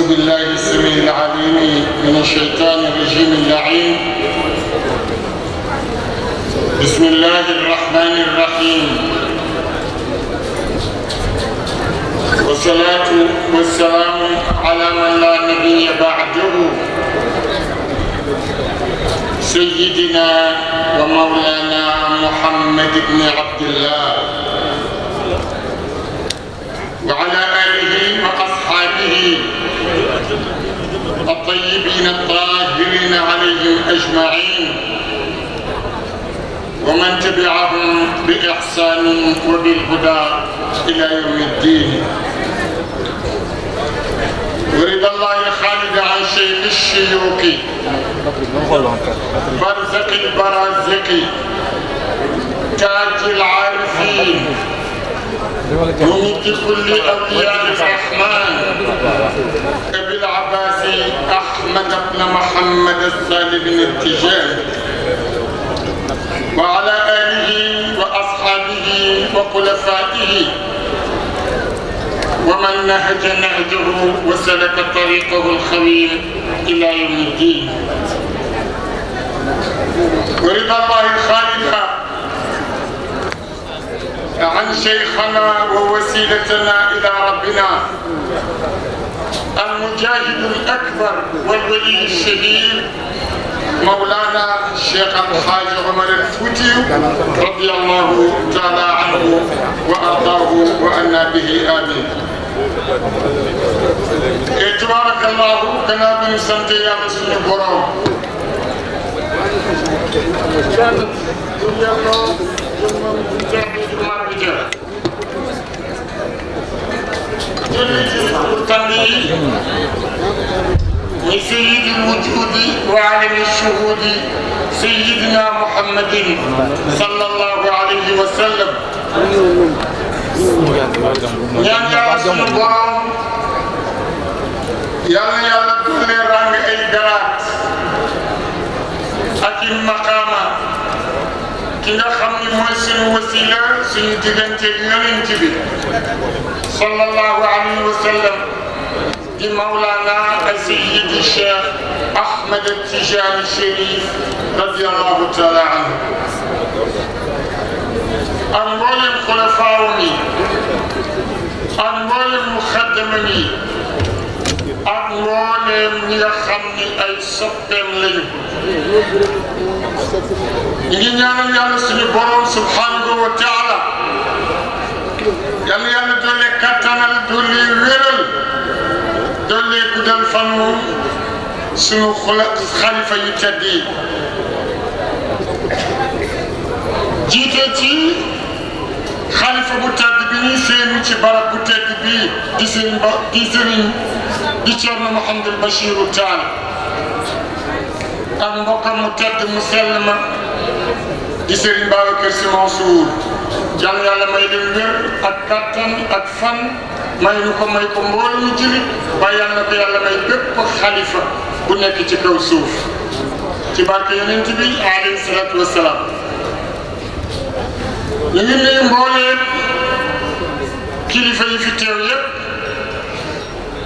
أعوذ بالله السميع العليم من الشيطان الرجيم اللعين بسم الله الرحمن الرحيم والصلاة والسلام على من لا نبي بعده سيدنا ومولانا محمد بن عبد الله وعلى آله وأصحابه الطيبين الطاهرين عليهم أجمعين ومن تبعهم بإحسان وبالهدى إلى يوم الدين ورد الله خالد عن شيخ الشيوخ برزق البرازق تاج العارفين ومن كل أولياء الرحمن العباسي أحمد بن محمد السالم بن التجان وعلى آله وأصحابه وخلفائه ومن نهج نهجه وسلك طريقه الخوين إلى يوم الدين ورضا الله الخالق عن شيخنا ووسيلتنا إلى ربنا المجاهد الأكبر والولي الشهير مولانا الشيخ أبو حاج عمر الفوتي رضي الله تعالى عنه وأرضاه وأنا به آمين إيه، تبارك الله كما من سنتي يا مسلم البرام Thank you. وسيد الوجود وعالم الشهود سيدنا محمد صلى الله عليه وسلم يا رسول الله يا يا كل يا اي درات يا المقام كي خمني موسم وسيله سيدي بنت النبي صلى الله عليه وسلم لمولانا السيد الشيخ احمد التجار الشريف رضي الله تعالى عنه اموال خلفاؤني اموال مخدمني اموال ملخمي اي سبتم نعم لي يا رسول الله سبحانه وتعالى يا يعني dolli wéral dolli guddal fanu suñu xula xalifa yu tedd yi jiite ci xalifa bu tedd bi ñuy séenu ci barab bu tedd bii di sëriñ ba di sëriñ di Cerno Mouhamadul Bachiru Taal ak mbokkam mu tedd mu sell ma di sëriñ Babacar Si Mansour jàng yàlla may dem wér ak kattan ak fan may ñu ko may ko mbooloo ñu jullit waaye yàlla na ko yàlla may bépp xalifa bu nekk ci kaw suuf ci barke yonent bi alayhi salaatu wasalaam ñu ngi nuyu mbooleem kilifa yi fi teew yépp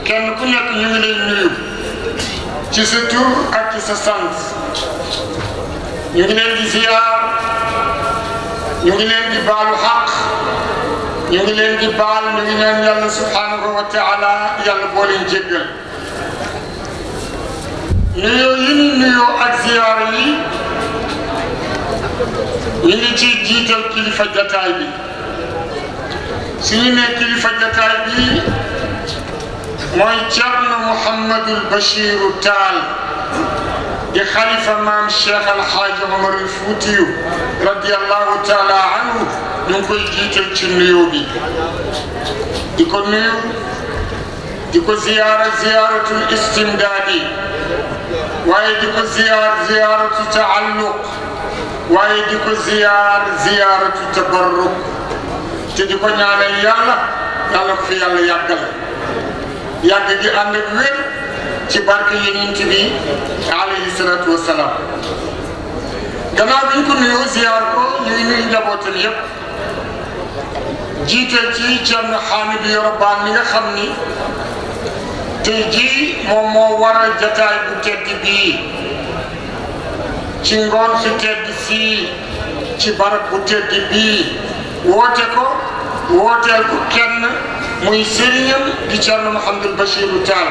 kenn ku nekk ñu ngi lay nuyu ci sa tur ak ci sa sant ñu ngi leen di ziar ñu ngi leen di baalu xaq ñu ngi leen di baal ñu ngi ñaan yàlla subhanahu wa taala yàlla boo leen jéggal nuyoo yi ñu nuyoo ak ziyaar yi ñu ngi ciy jiital kilifa jataay bi suñu ne kilifa jataay bi mooy Thierno Mouhamadul Bachiru Taal di xalifa maam Cheikh Alxaaji Omar Foutiyu radiallahu taala anhu ñu ngi koy jiital ci nuyoo bi di ko nuyu di ko ziyaara ziyaaratul istimdaadi waaye di ko ziyaar ziyaaratu taalluq te di ko ñaanal yàlla yàlla fi yàlla yàggal yàgg gi ànd ak wér ci barke yonent bi alayhi salaatu wasalaam gannaaw bi ñu ko nuyoo ko ñu ngi nuyu njabootam yëpp jiital ci Thierno Hamidou Yero mi nga ni tey jii moom moo waral jataay bu tedd bi ci ngoon su tedd fii ci barab bu tedd bii woote ko wooteel ko kenn muy sëriñam di Thierno Mouhamadou Bachirou Tall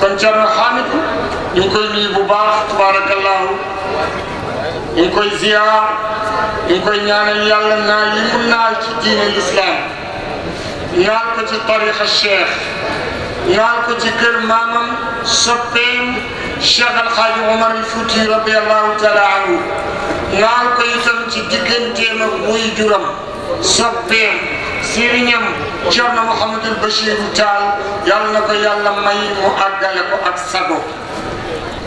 kon Thierno Hamidou ñu ngi koy nuyu bu baax tabarakallahu ñu ngi koy ziar ñu ngi koy ñaanal yàlla naal yi mu naal ci diine lislaam naal ko ci tariqa cheikh naal ko ci kër maamam soppeem cheikh alxaaji omar al fuuti radiallahu taala anhu naal ko itam ci digganteem ak muy juram soppeem sëriñam Cerno Mouhamadul Bachir Taal yàlla na ko yàlla may mu àggale ko ak sago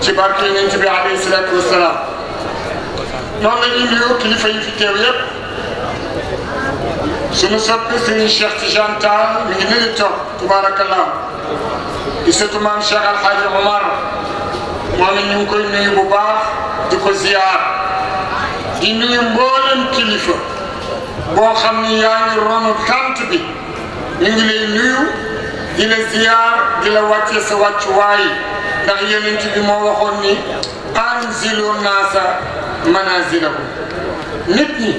ci barke yonent bi alayhi salaatu wasalaam noonu la ñuy nuyu kilifa yi fi teew yëpp suñu soppi suñu Cheikh Tidiane Tall mi ngi nii toog tubaarakallah di sëtu maam Cheikh Alhaji Omar moom it ñu ngi koy nuyu bu baax di ko ziar di nuyu mboolem kilifa boo xam ni yaa ngi ronu tant bi ñu ngi di la ziyaar di la wàccee sa wàccuwaay ndax yonent bi moo waxoon ni anzilu naasa manazilahum nit ñi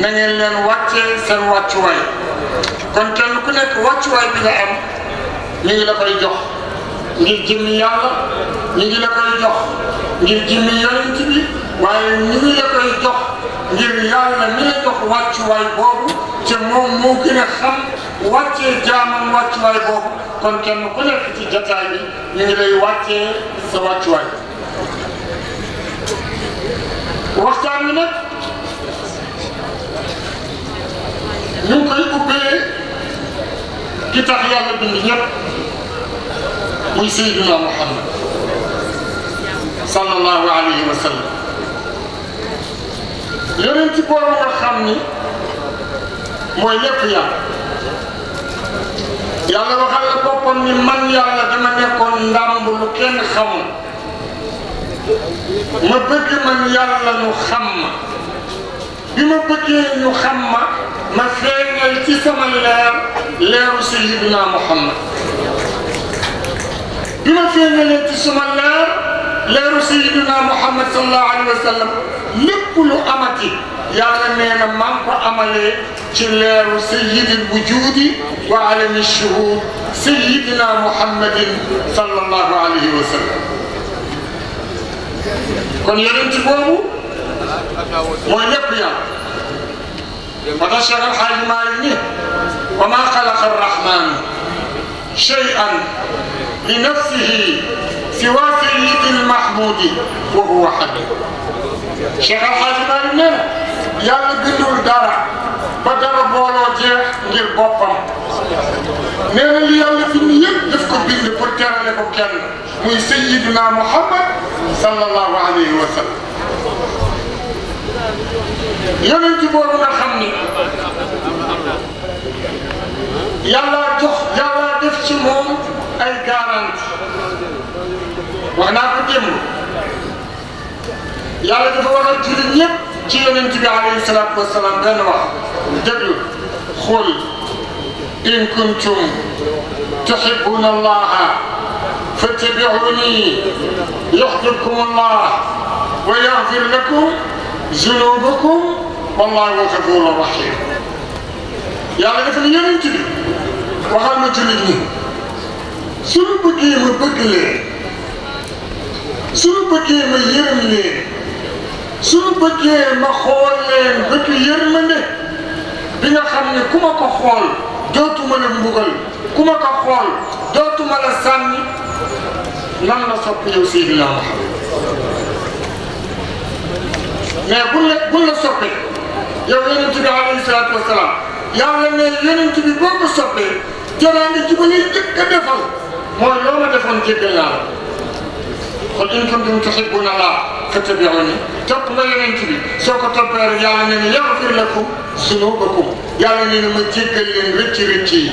na ngeen leen wàccee seen wàccuwaay kon kenn ku nekk wàccuwaay bi nga am ñu ngi la koy jox ngir jëmmi yàlla ñu ngi la koy jox ngir jëmmi yonent bi waaye ñu ngi la koy jox ngir yàlla mi la jox wàccuwaay boobu te moom moo gën a xam wàccee jaamam wàccuwaay boobu kon kenn ku nekk ci jataay bi ñu ngi lay wàccee sa wàccuwaay waxtaan wi nag ñu ngi koy ubbee ki tax yàlla bind ñëpp muy Seydina Muhammad sallallahu alayhi wa sallam yeneen ci boobu nga xam ni mooy lépp yàlla yàlla waxal la boppam ni man yàlla dama nekkoon ndàmb lu kenn xamul ma bëgg man yàlla ñu xam ma bi ma bëggee ñu xam ma ma feeñal ci sama leer leeru sayyidina Muhammad bi ma feeñalee ci sama leer لرسولنا محمد صلى الله عليه وسلم لكل أمتي يا لمن من فأملي تلير سيد الوجود وعلم الشهود سيدنا محمد صلى الله عليه وسلم كن يرنت بابو ونبيا فتشرح حجمالي وما خلق الرحمن شيئا لنفسه سوى سيد المحمود وهو حبيب شيخ الحاج يلي قدر درع بدر بولو جيح ندير بوبم من اللي يلي في النيل تفكر بين بكر لبكر من سيدنا محمد صلى الله عليه وسلم يلي تبورنا خمي يلا تخ يلا تفشمهم الجارنتي wax naa ko démb yàlla dafa waxal jullit ñëpp ci yonent bi alayhi salaatu wasalaam benn wax déglu xul in kuntum tuhibbuna allaha fattabi'uni yuhbibkum allah wa yaghfir lakum zunubakum wallahu ghafurun rahim yàlla dafa ne yonent bi waxal ma jullit ñi suñu bëggee ma bëgg leen suñu bëggee ma yërëm leen suñu bëggee xool leen bëtu yërmande bi nga xam ne ku ma ko xool dootuma la mbugal ku ma ko xool dootuma la sànni nan la sopp yow Seydina Muhammad mais buñ la buñ la soppee yow yonent bi alayhi salaatu wa salaam yàlla ne yonent bi boo ko soppee jëlaat nga ji ba lay a defal mooy loo ma defoon jéggal naa la قل إن كنتم تحبون الله فاتبعوني تقبل ينتبه سوك تبير يعني أن يغفر لكم سنوبكم يعني أن مجد لن رتي رتي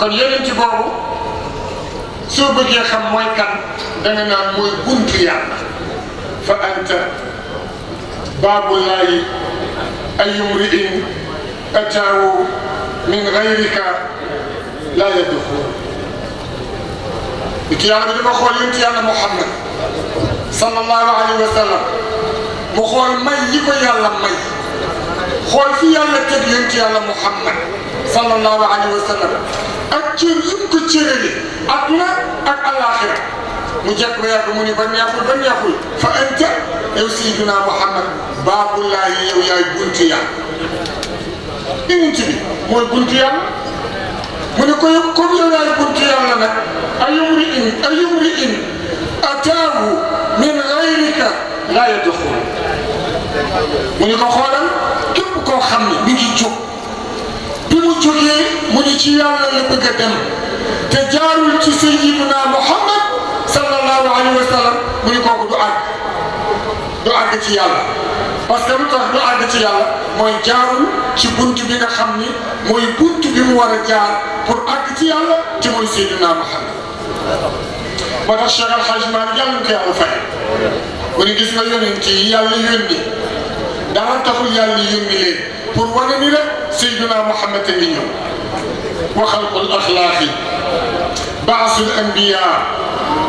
قل ينتبه سوبك يا خمويكا أننا موي بنتيا فأنت باب الله أي امرئ أتاه من غيرك لا يدخل ci yàlla bi dafa xool yéen ci yàlla Muhammad sallallahu alayhi wa sallam mu xool may yi ko yàlla may xool fi yàlla teg yéen ci yàlla Muhammad sallallahu alayhi wa sallam ak cër yi mu ko cërale ak la ak alaxira mu jekk ba yàgg mu ni ba neexul ba neexul fa anta yow sayyidina Muhammad baabullaahi yow yaay buntu yàlla. unité bi mooy buntu yàlla. mu ne ko comme yow yaay buntu yàlla nag ayumri in ayumri in ataahu min gayrika laa yadxul mu ne ko xoolal képp koo xam ne mi ngi jóg bi mu jógee mu ne ci yàlla la bëgg a dem te jaarul ci sayyidina Muhammad sallallahu alayhi wa sallam mu ne kooku du àgg du àgg ci yàlla parce que lu tax du àgg ci yàlla mooy jaarul ci bunt bi nga xam ni mooy bunt bi mu war a jaar. pour àgg ci yàlla te mooy Seydina Muhammad moo tax Cheikh Al Hadj Malick yàlla ko yàlla fay mu ne gis nga yonent yi yàlla yónni dara taxul yàlla yónni leen pour wane ni rek Seydina Muhammad ngi ñëw wa xalqul axlaaqi baasul anbiya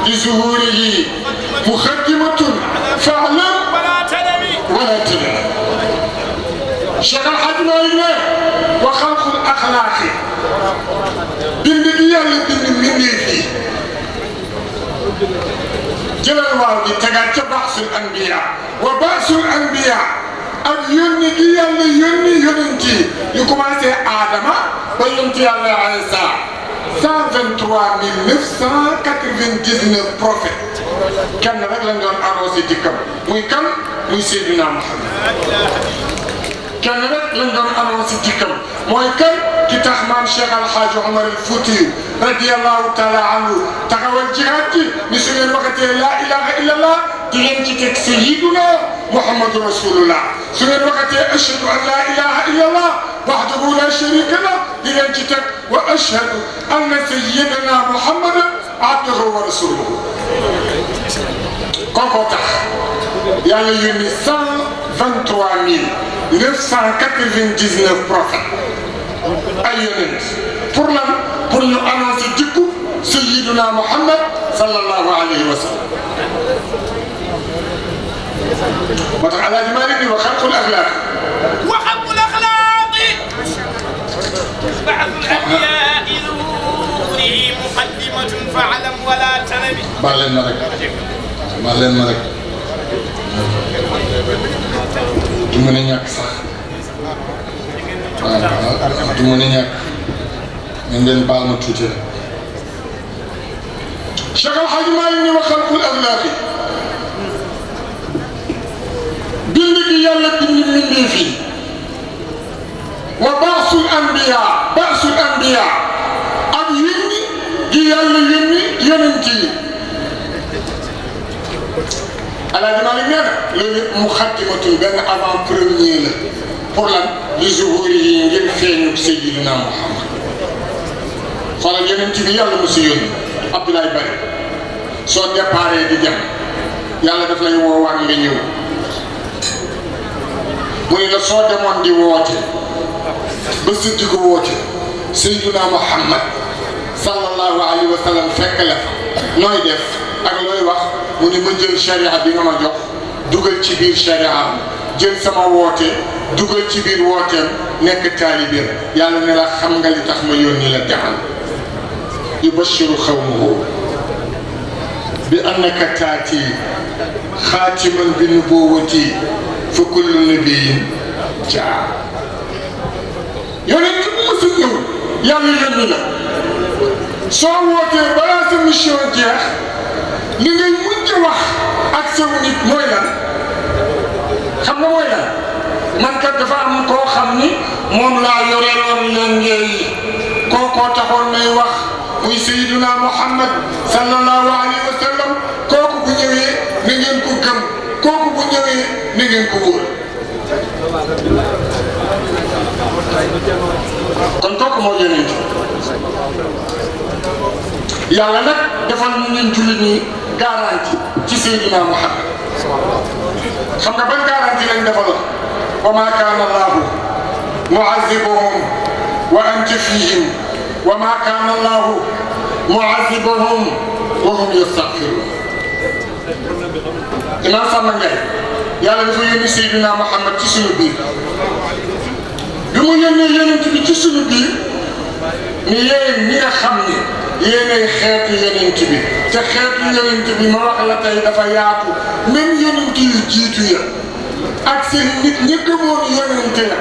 li zuhurihi muxaddimatun faalam wala tadami Cheikh Al Hadj Malick ne wa xalqul axlaaqi bind bi yàlla bind mbindee fii jëlal waaw di tegaat ca baasul anbiya wa baasul anbiya ak yónni gi yàlla yónni yonent yi yu commencé aadama ba yonent yàlla Isa 123 999 prophètes kenn rek lañ doon arrosé dikkam muy kan muy Seydina Muhammad كان رب من دم أنوسي تكم مايكل كتاح مامشي على حاج عمر الفوتي رضي الله تعالى عنه تقول جهاتي نسوي الوقت لا إله إلا الله تلين تكتك سيدنا محمد رسول الله سوي الوقت أشهد أن لا إله إلا الله وحده لا شريك له تلين تكتك وأشهد أن سيدنا محمد عبده ورسوله قوقوتا يعني يمسان 23 000 999 prophètes ay yonent pour lan pour ñu annoncer jikku sayyiduna Muhammad sallallahu alayhi wa sallam moo tax Alaaji Maalik di wax wa xalqul axlaaq ba'dul anbiyaa'i nuurihi muqaddimatun fa'lam wa laa tanami baal leen ma du mën a ñàkk sax waaw waaw du mën a ñàkk nañ leen baal ma tuuti rek Cheikh El Hadj Malick ni waxal kul ablaaq yi bind gi yàlla bind mbindeef yi wa baasul anbiya baasul anbiya ak yónni gi yàlla yónni yonent yi alaaji Maalik nee na loolu yëpp mu xattimatul benn avant premier la pour lan li zuhuri yi ngir feeñu Seydina Muhammad xoolal yonent bi yàlla mu si yónni Abdoulaye Bari soo déparé di dem yàlla daf lay woowaat nga ñëw mu ne la soo demoon di woote ba sëddi ko woote Seydina Muhammad sallallahu alayhi wa sallam fekk la fa nooy def ak looy wax. mu ni ma jël sharia bi nga ma jox dugal ci biir sharia jël sama woote dugal ci biir wooteem nekk taalibeem yàlla ne la xam nga li tax ma yónni la demal yubashiru xawmuhu bi annaka taati xaatiman bi nubuwati fa kullu nabiyin jaa yonent bu mësul ñëw yàlla yónni la soo wootee balaa sa mission jeex li ngay ci wax ak sew nit mooy lan xam nga mooy lan man kat dafa am koo xam ni moom laa yoreeloon lenge yi kookoo taxoon may wax muy sayyiduna Muhammad sallallahu alayhi wa sallam kooku bu ñëwee na ngeen ko gëm kooku bu ñëwee na ngeen ko wóor kon kooku moo yonent yàlla nag defal ñu ñun jullit ñi garanti ci sayyidina muhammad xam nga ban garanti lañ defaloon wa ma kaana allahu muazibuhum wa anta fihim wa ma kaana allahu muazibuhum wa hum yastaghfirun imam sàmm ngay yàlla dafa yónni sayyidina muhammad ci suñu biir bi mu yónnee yonent bi ci suñu biir ni yéen ñi nga xam ni yéenay xeetu yonent bi te xeetu yonent bi ma wax la tey dafa yaatu même yonent yu jiitu ya ak seen nit ñi gëmoon yonent ya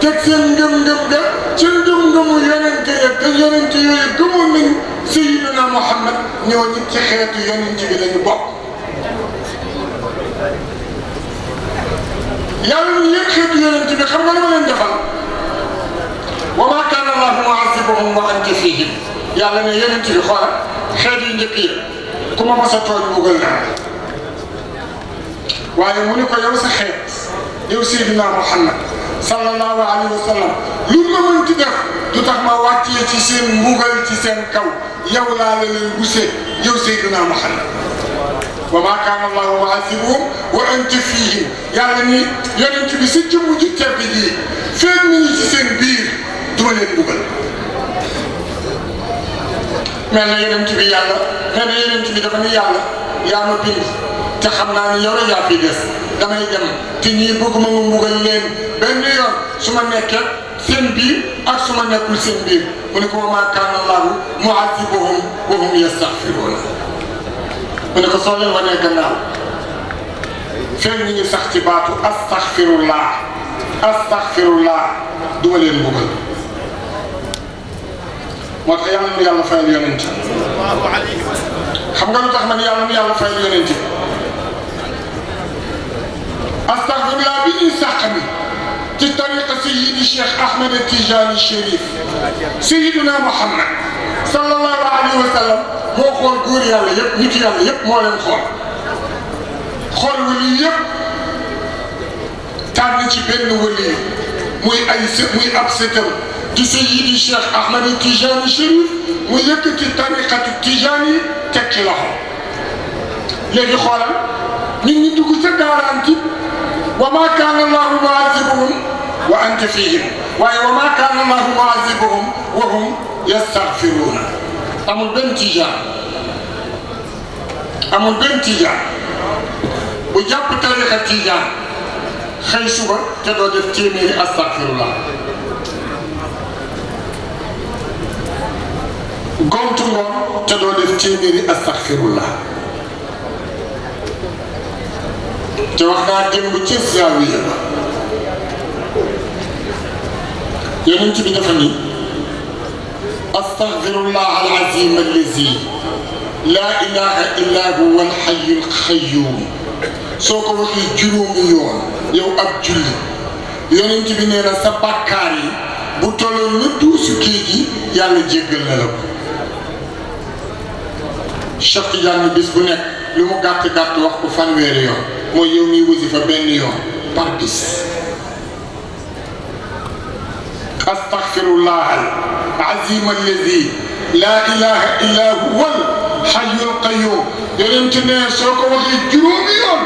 teg seen ngëm-ngëm ga ci ngëm-ngëmu yonent ya te yonent yooyu gëmoon nañu Sayyidina Muhammad ñooñu ci xeetu yonent bi lañu bokk. yàlla ñu yéen xeetu yonent bi xam nga dama leen defal wa maa kaana Allaahu mu'azzibahum wa anta fiihim yàlla ne yonent bi xoolal xeet yu njëkk yi ku ma mos a tooñ mbugal naa waaye mu ne ko yow sa xeet yow Seydina Muhammad sallallahu alayhi wa sallam lu ma mënti def du tax ma wàccee ci seen mbugal ci seen kaw yow laa la leen gusee yow Seydina Muhammad wa maa kaana Allahu mu'azzibahum wa anta fiihim yàlla ni yonent bi sa jëmm ju tedd ji feeñ nañu ci seen biir du ma leen mbugal mel na yonent bi yàlla nee na yonent bi dafa ni yàlla yaa ma bind te xam naa ni yow rek yaa fi des damay dem te ñii bëgguma mu mbugal leen benn yoon su ma nekkee seen biir ak su ma nekkul seen biir mu ne ko wa maa kaana Allaahu mu'azzibahum wa hum yastaghfiruun mu ne ko soo leen wanee gannaaw fekk ñu ngi sax ci baatu astaghfirullah astaghfirullah duma leen mbugal moo tax yàlla nu yàlla fayal yonent xam nga lu tax nag yàlla nu yàlla fayal yonent astaghfirullah bi ñuy sàq mi ci tariqa sayidi cheikh ahmed tijani chérif sayiduna muhammad sallallahu alayhi wa sallam moo xool góor yàlla yëpp nit yàlla yëpp moo leen xool xool wali yëpp tànn ci benn wali muy ay muy ab sëtam سيدي الشيخ أحمد التجاني الشريف ويكتي طريقة التجاني تكي لها لذي خالا من ندوك سدار أنت وما كان الله معذبهم وأنت فيهم وما كان الله معذبهم وهم يستغفرون أمر بن تجان أمر بن تجان وجاب طريقة تجان خيشوا تدو دفتيني أستغفر الله gontu moom te doo def téeméeri astaxfirullah te wax naa démb ci zaawiya ba yonent bi dafa ni astaxfirullah al azim allazi la ilaha illa huwa al hayyu al qayyum soo ko waxee juróomi yoon yow ab julli yonent bi nee na sa bàkkaar yi bu tolloon na duusu kii gi yàlla jéggal na la ko الشخص يعني بسبنة لو مقاطع كات وقت فان ويريو مو يومي وزي بين يوم باركس أستغفر الله العظيم الذي لا إله إلا هو الحي القيوم يرمتنا سوك وخي جرومي يوم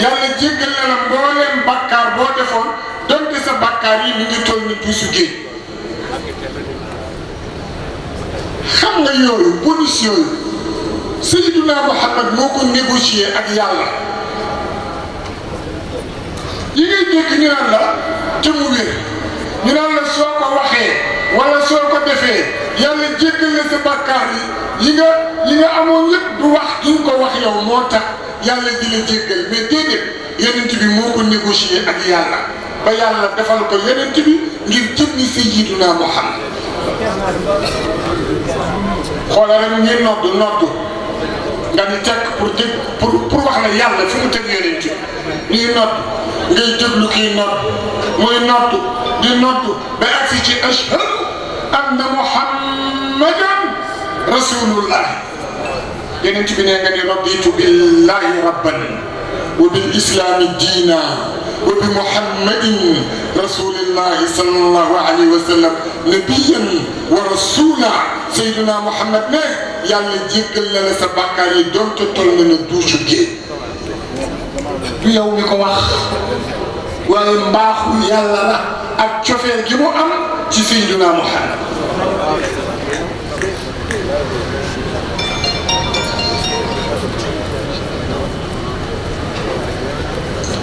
يالا جيجل لنا مولين بكار بوتفون دونك سا بكاري مي تول ني بوسوكي خم نيو بونيس يوي Sayyiduna Muhammad moo ko négocier ak yàlla yi ngay dégg ñu naan la te mu wér ñu naan la soo ko waxee wala soo ko defee yàlla jéggal la sa bàkkaar yi yi nga yi nga amoon yëpp du wax duñ ko wax yow moo tax yàlla di la jéggal mais déedéet yonent bi moo ko négocier ak yàlla ba yàlla defal ko yonent bi ngir jëmmi Sayyiduna Muhammad xoolal rek ngeen noddu noddu nga ni tekk pour dégg pour pour wax la yàlla fi mu teg yonent bi ñuy noot ngay déglu kii noot muy noot di noot ba agsi ci ashhadu anna muhammadan rasulullah yonent bi ne nga ni raditu billahi rabban wa bil islami diina وبمحمد رسول الله صلى الله عليه وسلم نبيا ورسولا سيدنا محمد نه يعني جيكل لنا سباكاري دون تطول من الدوش جي يو نكو واخ ويمباخو يالا لا اكتشفير جمو ام تسيدنا محمد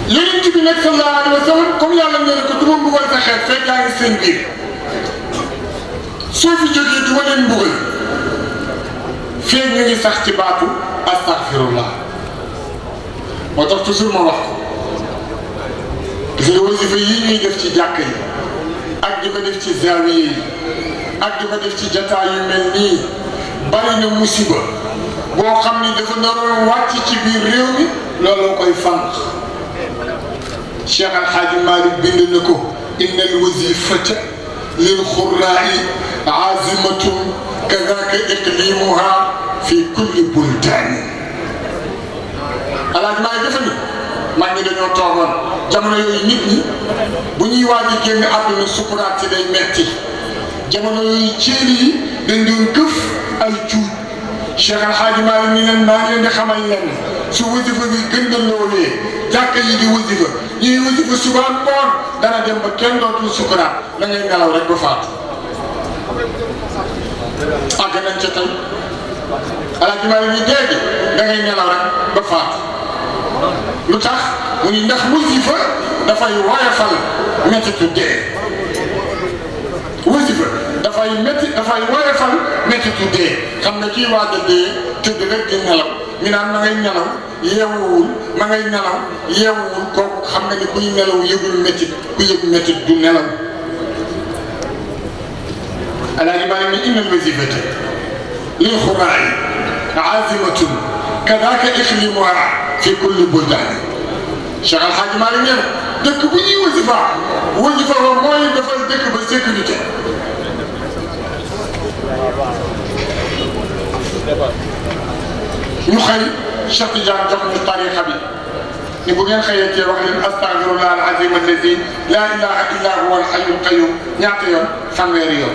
yonent bi nag sallallahu wa sallam comme yàlla nee ko mbugal sa xeet fekk yaa ngi seen biir soo fi jógee du leen mbugal sax ci baatu astaghfirullah moo tax toujours ma wax ko wasifa yi ñuy ci jàkk ak di ko def ci ak di ko def ci yu mel nii musiba boo xam dafa ci biir réew koy شيخ الحاج مالك بن لكو ان الوظيفه للخراء عازمه كذاك اقليمها في كل بلدان الحاج مالك دفن ما ني دانيو توغون جامونو يوي نيت ني بو ني واجي كين ادنا سكرات دي ميتي جامونو يوي تشيري دنديون كف الجود Cheikh Al Hadj Malick ñu leen di xamal leen su wasifa gi gën la loolee dana dem ba kenn dootul sukuraat la ngay ngelaw rek ba faatu. àgg nañ ca tey Al Hadj Malick ñu tax mu ni dee wasifa. dafay métti dafay woyofal métti tu dee xam nga kii waaj a dee tëdd rek di nelaw ñu naan ma ngay nelaw yeewuwul ma ngay nelaw yeewuwul kooku xam nga ni kuy nelaw yëgul métti ku yëg métti du nelaw alaaji baa ni inna alwazifata lil xuraay azimatun kadaaka ixlimuha fi kulli buldaani Cheikh Al Hadj Malick nee na dëkk bu ñuy wasifa wasifa mooy defal dëkk ba sécurité نخي شق جان جمل التاريخ بي نقول يا خيتي روحي استغفر الله العظيم الذي لا اله الا هو الحي القيوم يعطي فمريو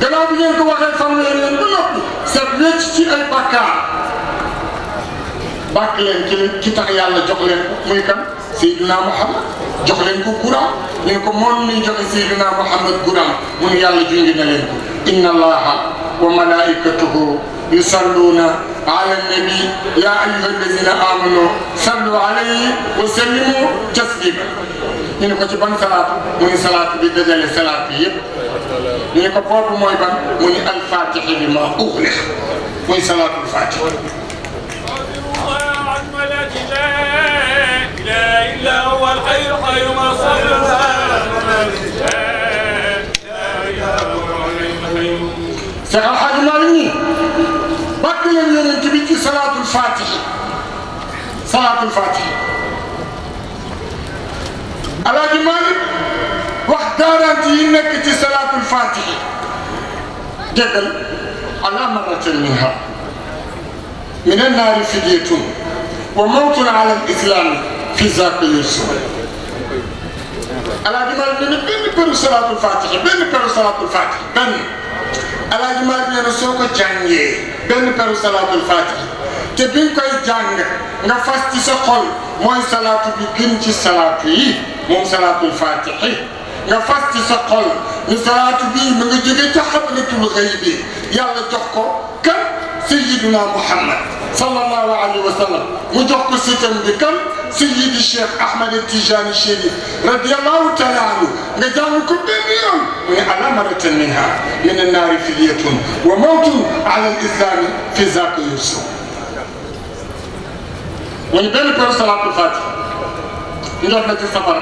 دابا بغي نقول لك فمريو بالوقت سبلتش في اي بكا باك لين كي تاخ يالا جوخ لين موي كان سيدنا محمد جوخ لين كو كوران لين كو مون ني جوخ سيدنا محمد كوران مون يالا جوندي نالين كو إن الله وملائكته يصلون على النبي يا أيها الذين آمنوا صلوا عليه وسلموا تسليما إن كنت بن صلاة من صلاة بدل صلاة يب إن كنت بن من الفاتح لما أغلق من صلاة الفاتح لا إله إلا هو الحي القيوم صلى الله عليه Cheikh Al Hadj Malick nii bàkk leen yonent bi ci salaatul faatihi salaatul faatihi Alaaji Malick wax garanti yi nekk ci salaatul faatihi déggal ala marratin minha min annaari fidyatun wa mawtun ala al-islaami fi zaaka yusuf Alaaji Malick ne benn peru salaatul faatihi benn peru salaatul faatihi benn alaaji maa nee na soo ko jàngee benn peru salaatul faatihi te bi nga koy jàng nga fas ci sa xol mooy salaatu bi gën ci salaatu yi moom salaatul faatihi نفست تسقل نسرات بي من جدي تحبلة الغيب يلا تحكو كم سيدنا محمد صلى الله عليه وسلم مجحكو ستن بكم سيد الشيخ أحمد التجاني الشريف رضي الله تعالى عنه نجاه كبيرا وهي على مرة منها من النار في اليتم وموت على الإسلام في ذاك يوسف ونبالي برسالة الفاتحة نجاه نجاه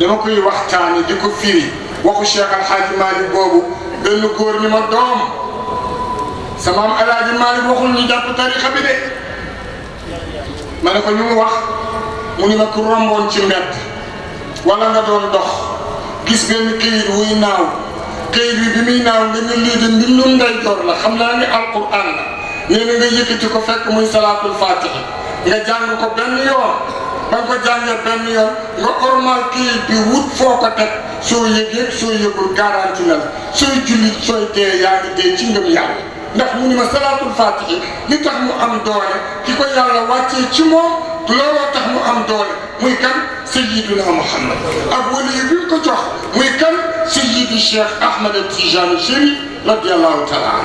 dama koy waxtaane di ko firi waxu Cheikh Al Hadj Malick boobu benn góor ni ma doom sama am El Hadj Malick waxul ñu jàpp tarixa bi de ma ne ko ñu mu wax mu ni ma ku romboon ci mbedd wala nga doon dox gis benn këyit wuy naaw këyit bi bi muy naaw nga ne lii de mbindum ndeyjoor la xam naa ni alquran la nee na nga yëkkati ko fekk muy salaatul fatiha nga jàng ko benn yoon. ba nga ko yoon nga ormal kii bi wut foo ko teg soo yëgee soo yëgul garanti la la sooy jullit sooy dee yaa ngi ma salaatul faatihi li tax mu am doole ki ko yàlla wàccee ci moom looloo tax mu am doole muy kan sayyiduna Muhammad ak wali yi bi mu ko jox muy kan sayyidu Cheikh Ahmad Tijani Chérif radiyallahu taala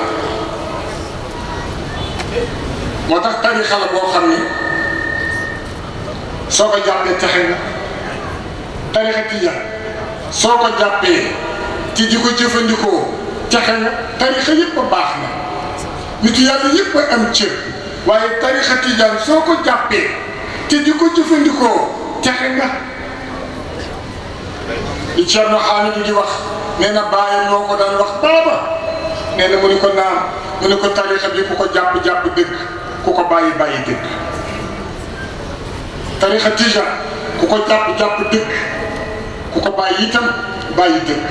moo tax tarixa la boo xam ne soo ko jàppee texe na tarixa tijaan soo ko jàppee ci di ko jëfandikoo texe na tarixa yëpp baax na ci yàlla yëpp am cër waaye tarixa tijaan soo ko jàppee ci di ko jëfandikoo texe na li Cerno Xaamidu di wax nee na bàyyi moo ko daan wax baaba nee na mu ni ko naam mu ni ko tarixa bi ku ko jàpp-jàpp dëgg ku ko bàyyi bàyyi dëgg tarixa tijaan ku ko jàpp jàpp dëkk ku ko bàyyi itam bàyyi dëkk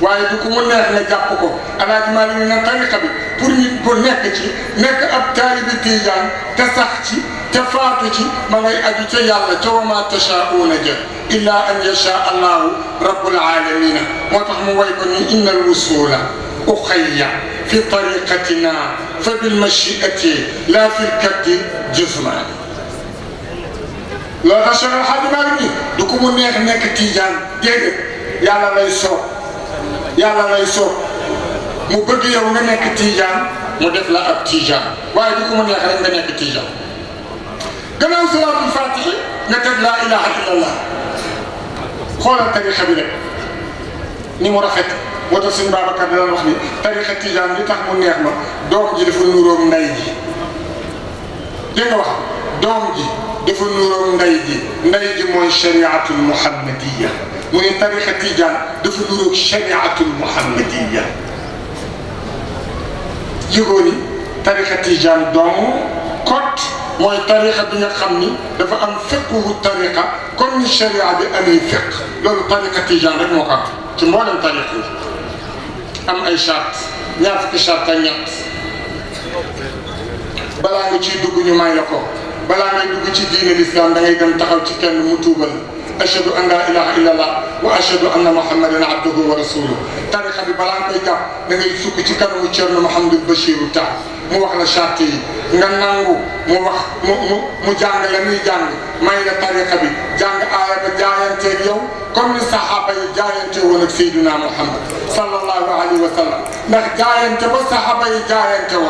waaye du ko mu neex nga jàpp ko alaaji maa ngi ne tarixa bi pour nit bu nekk ci nekk ab taalibi tijaan te sax ci te faatu ci ma ngay aju ca yàlla ca wa maa tashaauna ja illaa an yashaa allahu rabbul alamina moo tax mu way ko ni inna al wusula أخي في طريقتنا فبالمشيئة لا في الكد جزمان لا تشغل حد مني دكم نيك نيك تيجان دير يا لا ليسو يا لا ليسو مو بغي يو نيك تيجان مو ديف لا اب تيجان واي دكم نيك رك نيك تيجان غناو صلاه الفاتحه نتب لا اله الا الله خول تاني خبيل ني مو رافيت موتا سيني بابكار دا واخني تاريخ تيجان لي تخ مو نيك ما دوم جي دفو نورو ناي جي دي نغ واخ دومجي دفن نورو نغايجي نغايجي موي شريعة المحمدية موي تاريخ تيجان دفن نورو شريعة المحمدية يقولي تاريخ تيجان دومو كوت موي تاريخ بنا خمي دفع أن فقه التاريخ كل شريعة بأمي فقه لولو تاريخ تيجان رك موقع تمولم تاريخ أم أي نعرف إشارة بلا نجي دوغني ماي لكو بلا من يجي دين الإسلام ده يجن تقل تكن متوبا أشهد أن لا إله إلا الله وأشهد أن محمدا عبده ورسوله تاريخ ببلا من يجا من يسوق تكن وشر محمد البشير تاع مو أخلا شاتي نعمو مو مو مو مجانا لم يجانا مايلا طريقة بي جان آية بجاينت اليوم كل صحابة جاينت ولا سيدنا محمد صلى الله عليه وسلم نخ جاينت بو صحابة جاينت و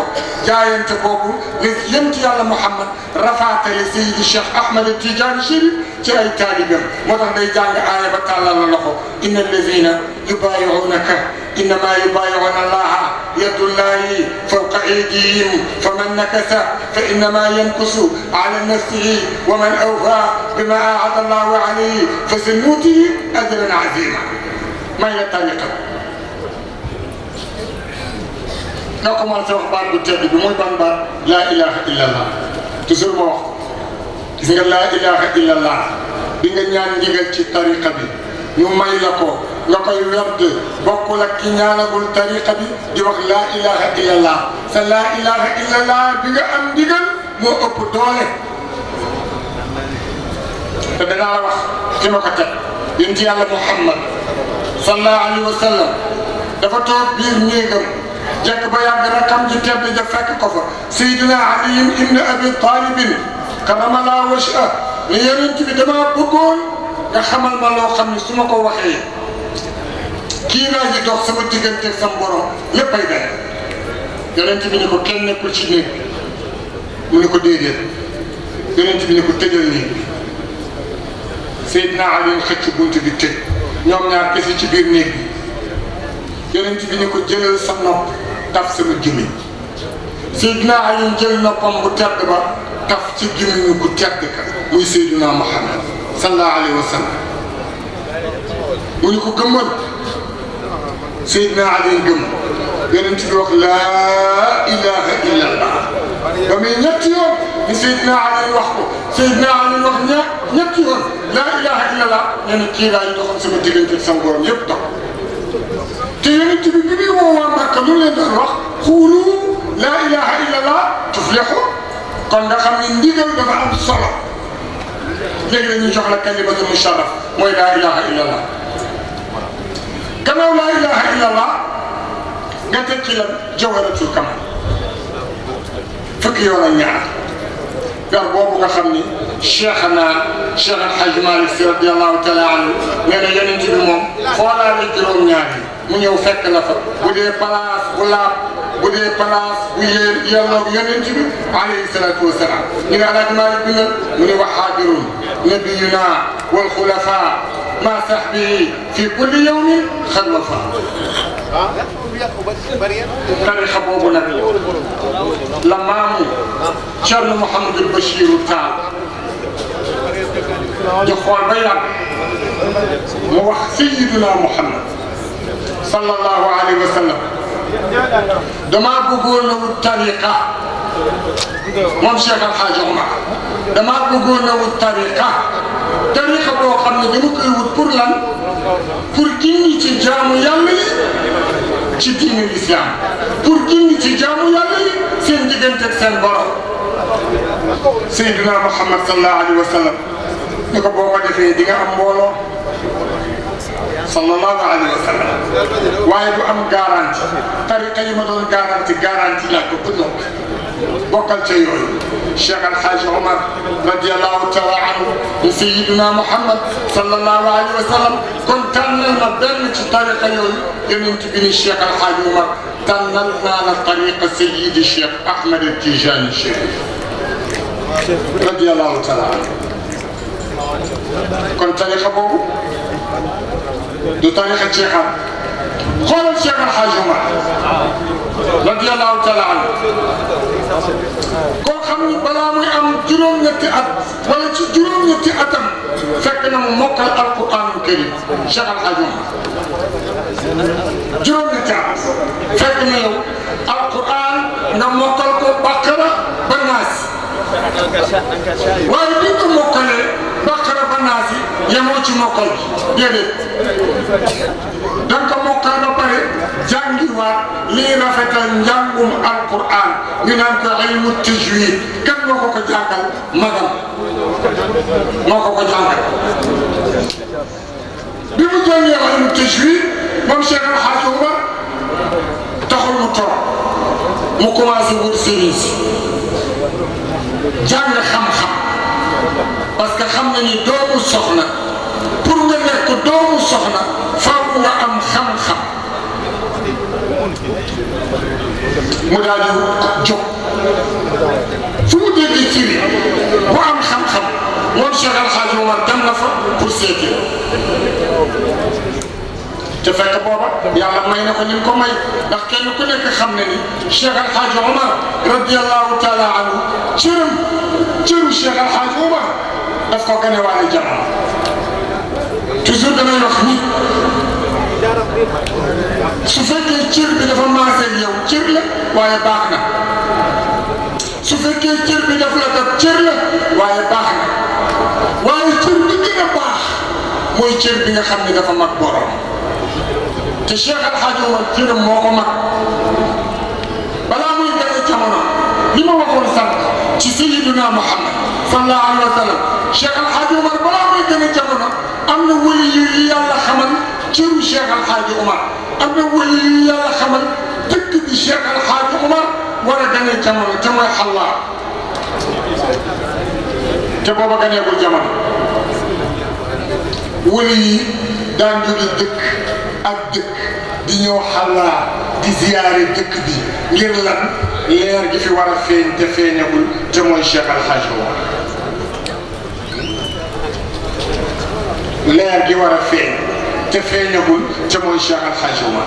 جاينت بوبو غزلمت يا الله محمد رفعت لسيد الشيخ أحمد التجان شريف تأي تاليبهم مطلق دي آية بطالة الله إن الذين يبايعونك إنما يبايعون الله يد الله فوق أيديهم فمن نكس فإنما ينكس على نفسه ومن أوفى بما أعطى الله عليه فسنوته أذرا عزيما ما هي الطريقة؟ نقوم على سوق بارك التابع بموي بانبار لا إله إلا الله تزور موقف لا إله إلا الله بين نيان ديغل تي طريقة بي يمي لكو لكو يرد بكو لك نانا قول طريقة دي دي وقت لا إله إلا الله فلا إله إلا الله بيغا أم بيغا مو أبو دولي فدنا رواح كما قتل ينتي على محمد صلى الله عليه وسلم دفتو بير نيغم جاك بايا بركم جي تيب دي فاك كفر سيدنا علي ابن ابي طالب كما لا وشاء ليرنتي بدما بقول nga xamal ma loo xam ne su ma ko waxee kii naa ji dox sama digganteeg sama borom lépp ay day yonent bi ne ko kenn nekkul ci néeg mu ne ko déedéet yonent bi ne ko tëjal ñoom ñaar kese ci biir néeg bi yonent bi ne ko jëlal sa nopp taf sama gémmiñ Seydina Ali jël noppam bu tedd ba taf ci gémmiñu ku tedd ka muy Seydina Muhammad صلى الله عليه وسلم ولكو كمل سيدنا علي قم ينتبه وقت لا اله الا الله ومن نتيهم سيدنا علي وحده سيدنا علي وحده نتيهم لا اله الا الله يعني كي لا يدخل سبت ينتبه سنقول يبدا تينتبه بني وهو ما كانوا لندر وقت قولوا لا اله الا الله تفلحوا قال لك من ديدل دفع الصلاه léegi dañuy jox la kalimatu musharraf mooy laa ilaha illallah gannaaw laa ilaha illallah nga teg ci lan jawharatul kamal fukki yoon ak ñaar gar boobu nga xam ni cheikhna cheikh alhaj Malick si radiallahu la juróom-ñaar yi mu ñëw fekk la fa bu dee place bu bu dee place bu yéen yàlla yonent bi alayhi salaatu wa salaam ñu ne alaaj Maalik bi lan mu ne wax xaadirun nabiyuna wal xulafa ma sahbihi fi kulli yawmin xalwafa tarixa boobu nag la maamu Cerno Mouhamadul Bachiru Taal di xool ba yàgg mu wax sayiduna Mouhamad sallallahu alayhi wa sallam dama bëggoon a tariqa moom Cheikh Al Hadj Omar dama bëggoon a wut tariqa tariqa boo xam ne dama koy wut pour lan pour gindi ci jaamu yàlla yi ci diine l'islam pour gindi ci jaamu yàlla yi seen diggante ak seen borom Seydina Muhammad sallallahu alayhi wa sallam ni ko boo ko defee di nga am mbooloo. صلى الله عليه وسلم واحد أم قارنت طريقة يمدون مدن قارنت قارنت لك كله بقل تيوي الشيخ الحاج عمر رضي الله تعالى عنه سيدنا محمد صلى الله عليه وسلم كنت تنلنا بلنك طريق يوي يمنت بين الشيخ الحاج عمر تنلنا الطريق سيد الشيخ أحمد التجان الشيخ رضي الله تعالى عنه كنت تنلنا du tariqa ceexaan xoolal Cheikh Al Hadj Omar radiyallahu taala anhu koo xam ni balaa muy am juróom-ñetti at wala ci juróom-ñetti atam fekk na mu mokkal alquraanul karim Cheikh Al Hadj Omar juróom-ñetti at fekk na yow alquraan nga mokkal ko Baqara ba Naas waaye bi nga mokkalee mokkal naa si yemoo ci mokkal bi déedéet da nga ko mokkal ba pare jàngiwaat lii rafetal njàngum alquran ñu naan ko ilmu tajwid kan moo ko ko jàngal magam moo ko ko jàngal bi mu jàngee ilmu tajwid moom Cheikh El Hadj Oumar taxul mu toog mu commencé wut service jàng xam-xam parce que xam na ni doomu soxna pour nga nekk doomu soxna faw nga am xam-xam mu daal di jóg fu mu déggee ci bi bu am xam-xam moom Cheikh Al Hadj Omar dem na fa pour seeti te fekk booba yàlla may na ko ñu ko may ndax kenn ku nekk xam na ni Cheikh Al Hadj Omar radiallahu taala anhu cëram cëru Cheikh Al Hadj Omar daf ko gane waale jamono toujours damay wax nit su fekkee cër bi dafa maasee yow cër la waaye baax na su fekkee cër bi daf la dab cër la waaye baax na waaye cër bi gën a baax mooy cër bi nga xam ne dafa mag borom te Cheikh Al Hadj Omar cëram moo ko mag balaa muy gane jamono li ma waxoon sànq ci Sayyidina Muhammad sallallahu alayhi wa sallam شيخ الحاج عمر بلا ما يتم جرنا أنا ولي يلا خمل جم شيخ الحاج عمر أنا ولي يلا خمل تك الشيخ شيخ الحاج عمر ولا دني جمعنا جمع حلا جبا بكني أقول جمع ولي دان جو دك أدك دينو حلا دي دك دي غير لان لير جفي ورا تفين يقول جمع شيخ الحاج عمر leer gi war a feeñ te feeñagul te mooy Cheikh Al Hadj Omar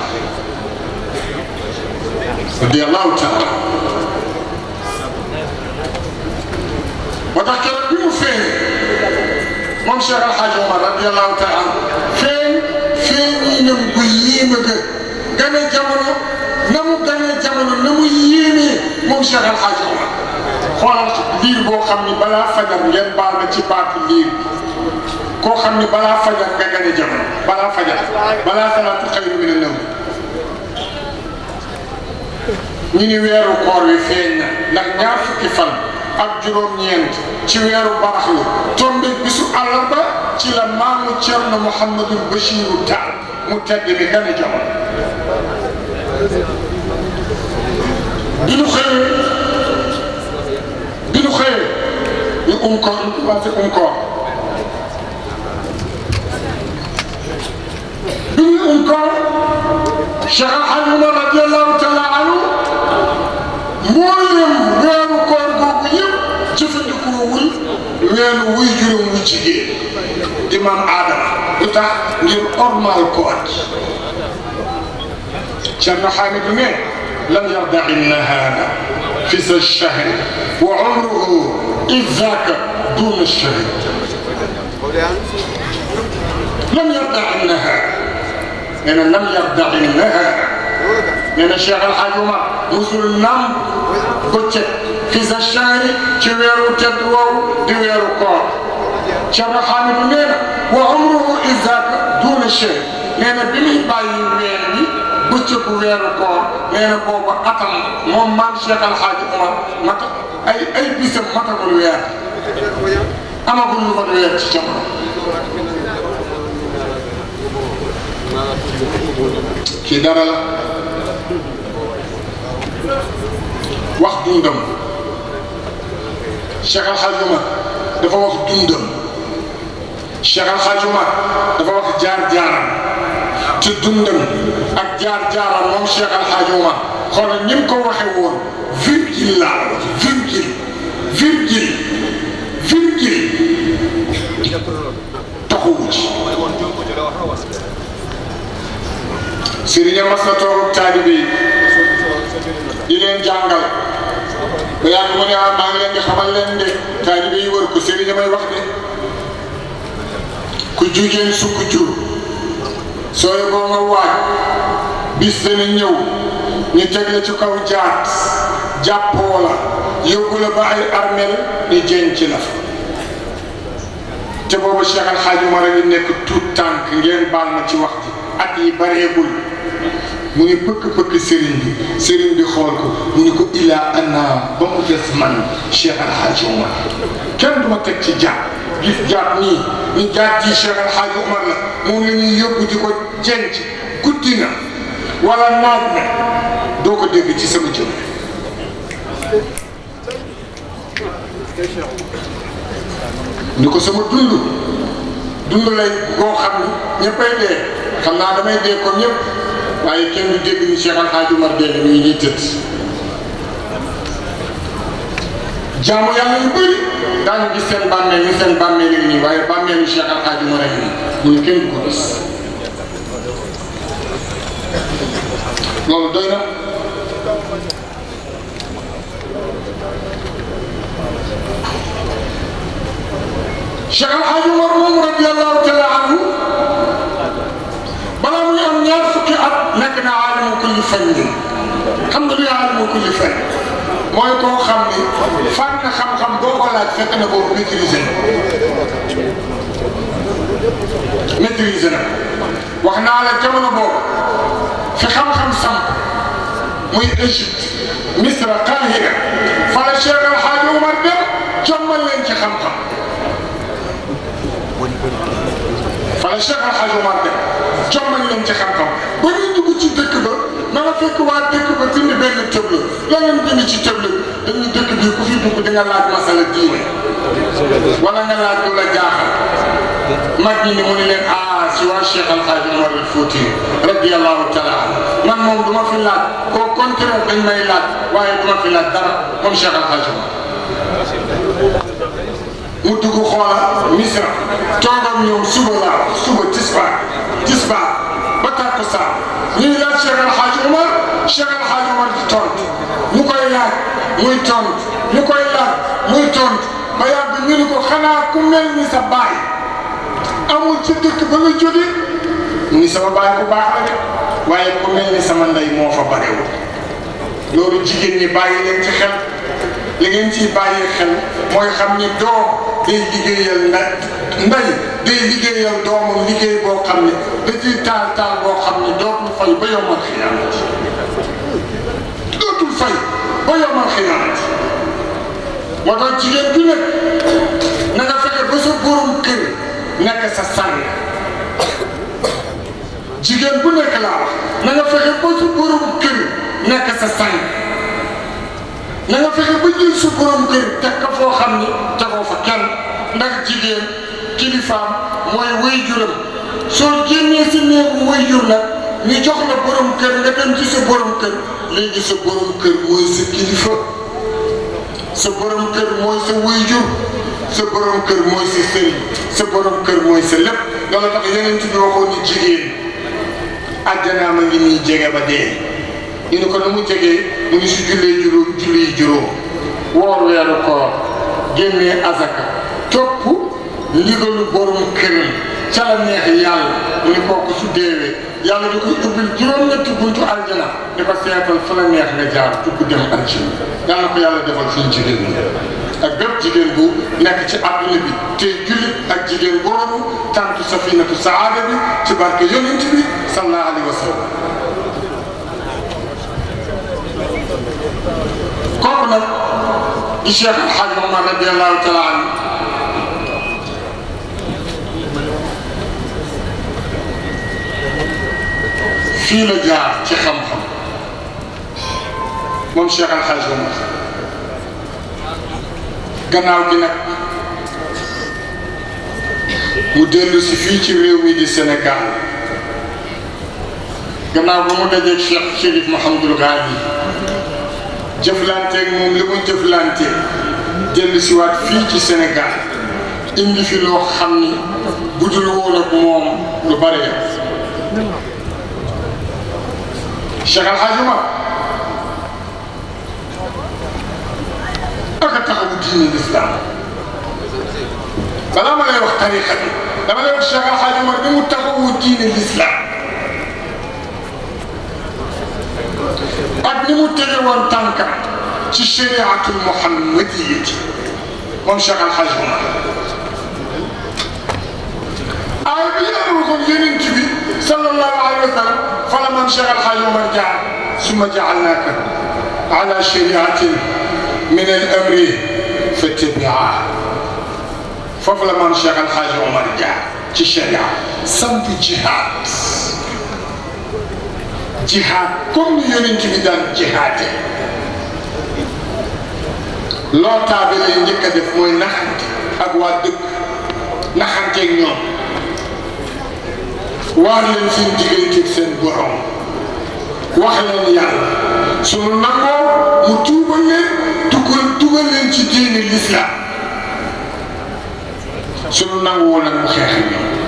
radiyallahu taala ba tax keroog bi mu feeñee moom Cheikh Al Hadj Omar radiyallahu taala feeñ feeñi ñoom bu yéeme ga gane jamono na mu gane jamono na mu yéemee moom Cheikh Al Hadj Omar xoolal liir boo xam ni balaa fajar ngeen baal na ci baatu liir koo xam ne balaa fajar nga gane jamono balaa fajar balaa salaatu xayru mina nawm ñu ni weeru koor wi feeñ na ndax ñaar fukki fan ak juróom-ñeent ci weeru barax la tombe bisu àllarba ci la maamu Cerno Mouhamadou Bachirou Tall mu tedd bi gane jamono bi ñu xëyee bi ñu xëyee ñu um koor ñu commencé um koor ko cheikh ahmadou radiallahu taala anu mboolem weeru koor googu yëpp jëfandikoowul weeru wuy juróom wu jigéen di maam aadama lu tax ngir ormal koor gi cheikh ahmadou ne lam yardaci nahara fisa lchahri wa umruhu izaka duna lchahri lam yardaci nahara من لم يبدع منها من الشيخ الحجومة مسلم قتت في الشهر تويرو تدوو تويرو قوت شبه حامد مينا وعمره إزاك دون الشيء مينا بمي باين ميني قتت تويرو قوت مينا بوبا أكم مومان شيخ الحجومة مطا أي أي بيسم مطا قلوية أما قلوية تشبه ci dara la wax dundam Cheikh Al dafa wax dundam Cheikh Al dafa wax jaar-jaaram te dundam ak jaar-jaaram moom Cheikh Al Hadj Omar xoolal ni mu ko woon virgule la wax virgule virgule virgule sëriñam mas na toog taalibe yi di leen jàngal ba yàgg mu ne ah maa ngi leen di xamal leen de taalibe yi wër ko sëriñam ay wax de ku jugeen sukk jur sooy boo nga waaj bis dana ñëw ñu teg la ci kaw jaat jàppoo la yóbbu la ba ay armel ñu jeen ci la te boobu Cheikh Al Hadj Omar nekk tuut tànk ngeen baal ma ci wax ji at yi bareegul mu ngi pëkk pëkk sëriñ bi sëriñ bi xool ko mu ni ko ilaa anna ba mu des man Cheikh Al Hadj Omar kenn du teg ci jaar gis jaar nii ni jaar ji Cheikh Al Hadj Omar ko jenc guddi na wala naaj ci sama ni ko sama dund dund lay koo ni ñëppay dee xam naa damay dee ko ñëpp waaye kenn dégg ñu Cheikh Alhaji Umar dégg ñu ñuy tëdd jaamu yàlla yu bëri daañu gis seen bàmmeel ñu seen bàmmeel yi nii waaye bàmmeelu Cheikh Alhaji kenn ko gis Umar radiyallahu taala anhu عالم كل فن الحمد لله عالم كل فن موي كو خامي فن خام خام دوكو لا فك نكو ميتريزي ميتريزي وحنا على جمل بو في خام خام سام موي ايجيبت مصر قاهره فلا شيخ الحاج عمر بن جمل لين في خام خام فلا شيخ الحاج عمر بن jommal leen ci xam-xam ba ñuy ci dëkk ba na nga fekk waa dëkk ba bind benn tëble la leen bind ci tëble dañuy dëkk bi ku fi dugg di nga wala nga laaj lu la ma mag ñi ni mu ne leen ah si waa Cheikh Al Hadj Omar al Fouti radiyallahu taala man moom du ma fi laaj waaye du ma fi laaj dara moom Cheikh Al Hadj mu dugg xoola misra toogam ñoom suba laa suba tisbaar tisbaar ba takkusaan ñuy laaj Cheikh El Hadj Omar Cheikh di tontu ñu koy laaj muy tontu ñu koy laaj muy tontu ba yàgg ñu ni ko xanaa ku mel ni sa baay amul ci dëkk ba nga jóge ni sama baay bu baax la de waaye ku ni sama ndey moo fa barewul loolu jigéen ñi bàyyi leen ci xel. لين في باي خل ما يخمني دوم دي ليجي يلنت ناي دي ليجي يل دوم ليجي بو خمني بتي تال تال بو خمني دوم فاي بيا ما خيانة دوت فاي بيا ما خيانة وده جيل بنا نعرفك بس بورم كير نعك سسان جيل بنا كلا نعرفك بس بورم كير نعك سسان na nga fexe ba jël sa borom kër teg ko foo xam ni tegoo fa kenn ndax jigéen kilifaam mooy waajuram soo génnee si néegu waajur nag ñu jox la borom kër nga dem ci sa borom kër léegi sa borom kër mooy sa kilifa sa borom kër mooy sa waajur sa borom kër mooy sa sëriñ sa borom kër mooy sa lépp loolu tax yeneen ci bi waxoon jigéen àjjanaama ngi muy jege ba dee ñu ne ko nu mu jegee mu ngi si jullee juróom julli juróom woor weeru koor génnee azaka topp ndigalu borom këram ca la neex yàlla mu ne kooku su deewee yàlla da koy ubbil juróom-ñetti buntu aljana di ko seetal fa la neex nga jaar dugg dem aljana yàlla ko yàlla defal suñu jigéen ak bépp jigéen ci àdduna bi tey jullit ak jigéen boobu tàntu safinatu saada bi ci barke yonent bi sallallahu alayhi wa sallam الشيخ الحاج عمر رضي الله تعالى عنه fii la jaar ci xam-xam moom Cheikh Al Hadj Omar gannaaw gi nag mu dellu si fii ci réew mi di Sénégal gannaaw ba mu dajeeg Cheikh Chérif Mouhamadul Ghali jëflanteeg moom li mu jëflante dellu siwaat fii ci Sénégal indi fi loo xam ni bu dul moom lu bare la Al Hadj Omar ak a taxawu diine bi mu taxawu diine l'islam أبني متغي وانتانكا في شريعة المحمدية من شغل حجم أبي أبوكم يمين تبي صلى الله عليه وسلم فلا من شغل حجم رجع ثم جعلناك على شريعة من الأمر فاتبعها فلا من شغل حجم رجع في شريعة سمت جهاد jihaad comme ni yonent bi daan jihaate loo taabe lay njëkk a def mooy naxante ak waa dëkk naxanteeg ñoom waar leen seen digganteeg seen borom wax leen yàlla suñu nangoo mu tuubal leen dugal dugal leen ci diini lislaam suñu nangu woon ak mu xeex ñoom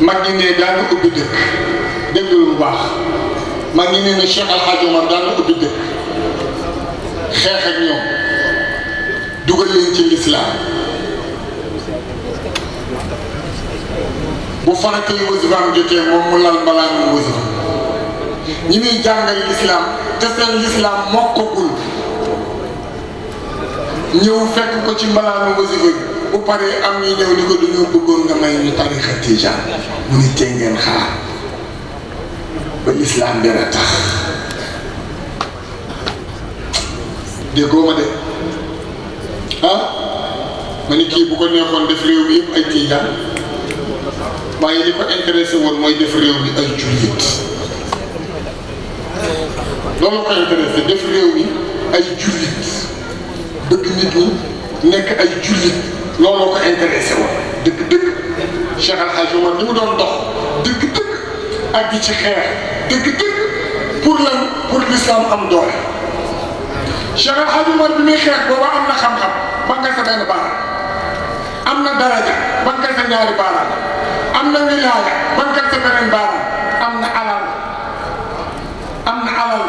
mag ñi ne daan na ubbi dëkk lu baax mag ñi ne ne Cheikh Al Hadj Omar dëkk xeex ak ñoom ci lislaam bu faratee wasifaam jotee moom mu lal balaa mu wasifa ñi muy jàngal lislaam te seen lislaam mokkagul ñëw fekk ko ci mbalaanu wasifa bi bu paree am ñu ñëw ni ko dañoo bëggoon nga may ñu tarixa tijaan mu ni tee ngeen xaar ba lislaam dara tax déggoo ma de ah ma ni kii bu ko neexoon def réew mi yëpp ay tijaan waaye li ko intéressé woon mooy def réew mi ay jullit loolu ko intéressé def réew mi ay jullit bëgg nit ñi nekk ay jullit loolu moo ko intéressé woon dëgg-dëgg Cheikh Al Hadj Omar li mu doon dox dëgg-dëgg ak di ci xeex dëgg-dëgg pour lan pour l'islam am doole Cheikh Al Hadj Omar bi muy xeex booba am na xam-xam bankal sa benn baaraam am na daraja bankal sa ñaari baaraam am na wilaaya bankal sa beneen baaraam am na alal am na alal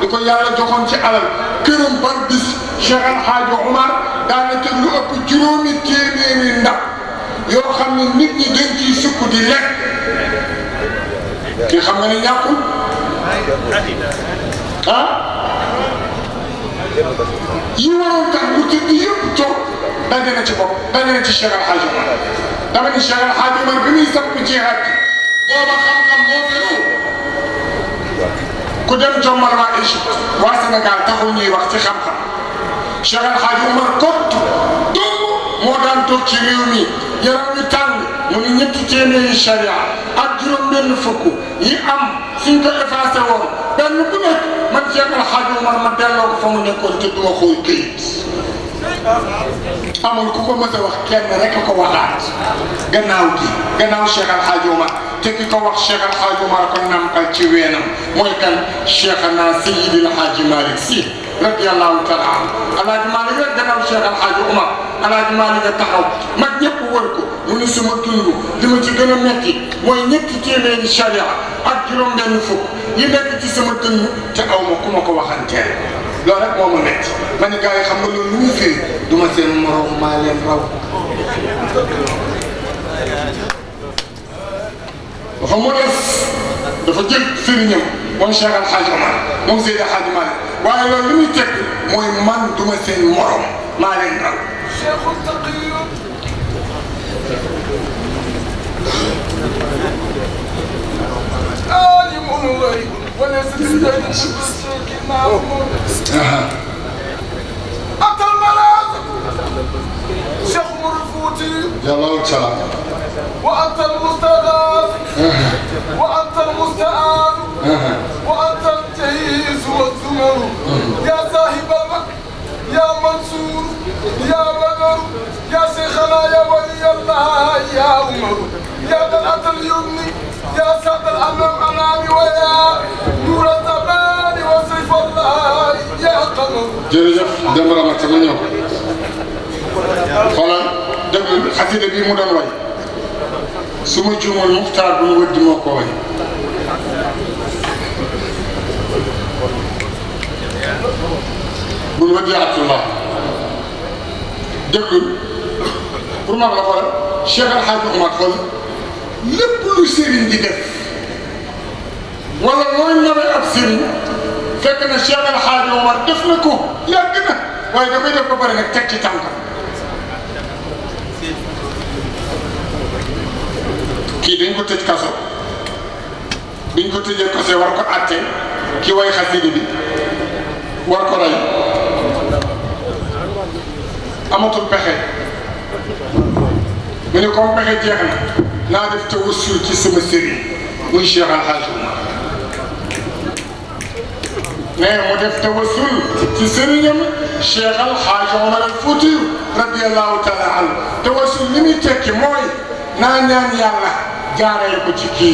di ko yàlla joxoon ci alal këram bar bis Cheikh Al Hadj Omar daanaka lu ëpp juróomi téeméeri ndax yoo xam ne nit ñi dañ ciy sukk di te xam nga ne ñàkkul ah yi waroon tax bu tëdd yëpp toog daje na ci bopp daje na ci Cheikh Al Hadj Omar dama ni Cheikh Al Hadj Omar bi muy sàpp ci xaj booba xam-xam moo feeñoo ku dem jommal waa Égypte waa Sénégal taxul wax ci xam-xam. Cheikh El Hadj Omar Kott dong moo daan toog ci réew mi yaram wi tàng mu ni ñetti téeméeri charia ak juróom benn fukk yi am suñ ko effacé woon benn bu nekk man Cheikh El Hadj Omar ma delloo ko fa mu nekkoon te duma xooy këyit amul ku ko mës a wax kenn rek ko waxaat gannaaw gi gannaaw Cheikh El Hadj Omar te ki ko wax Cheikh El Hadj Omar ko nàmpal ci weenam mooy kan Cheikh naa Seydil Hadji Malick Sy radiyallahu taala alaaji Maalik rek gannaaw Cheikh Alhaaji Umar alaaji Maalik a taxaw mag ñëpp ni suma ma ci gën a metti mooy ñetti téeméeri charia ak juróom-benn fukk yi ci sama ma ku ma ko waxanteel loolu rek moo ma metti ma ni gars yi xam du ma seen maa leen raw dafa mu dafa jël sëriñam mooy Cheikh Al Hadj Omar moom Seydi Hadj Malick waaye loolu li muy teg mooy man duma seen morom maa leen dal أتى الملاذ يا جلوت وأنت المستغاث أه. وأنت المستعان أه. وأنت الجهيز والزمر أه. يا صاحب يا منصور يا بدر يا شيخنا يا ولي الله يا عمر يا دلعة اليمن يا سعد الأمام أنامي ويا نور الزمان وسيف الله يا قمر جرجف دمرة ما تغنيو خلاص dëgg xasida bi mu doon way su ma juumal muxtaar bu mu wëddi moo ko way bu mu wëddi Abdullah dëgg pour ma la xool Cheikh El Hadj Omar xool lépp lu sëriñ di def wala mooy nawe ab fekk na Cheikh El Hadj Omar def na ko yàgg na waaye dafay def ba pare nag kii dañ ko tëj kaso biñ ko tëjee kaso war ko àtte ki way xasida bi war ko rey amatul pexe mu ne comme pexe jeex na naa def tawassul ci sama sëriñ muy Cheikh Al Hadj Oumar mais mu def tawassul ci sëriñam Cheikh Al Hadj Oumar al Fouti radiyallahu taala anhu tawassul li muy tekki mooy naa ñaan yàlla jaaral ko ci ki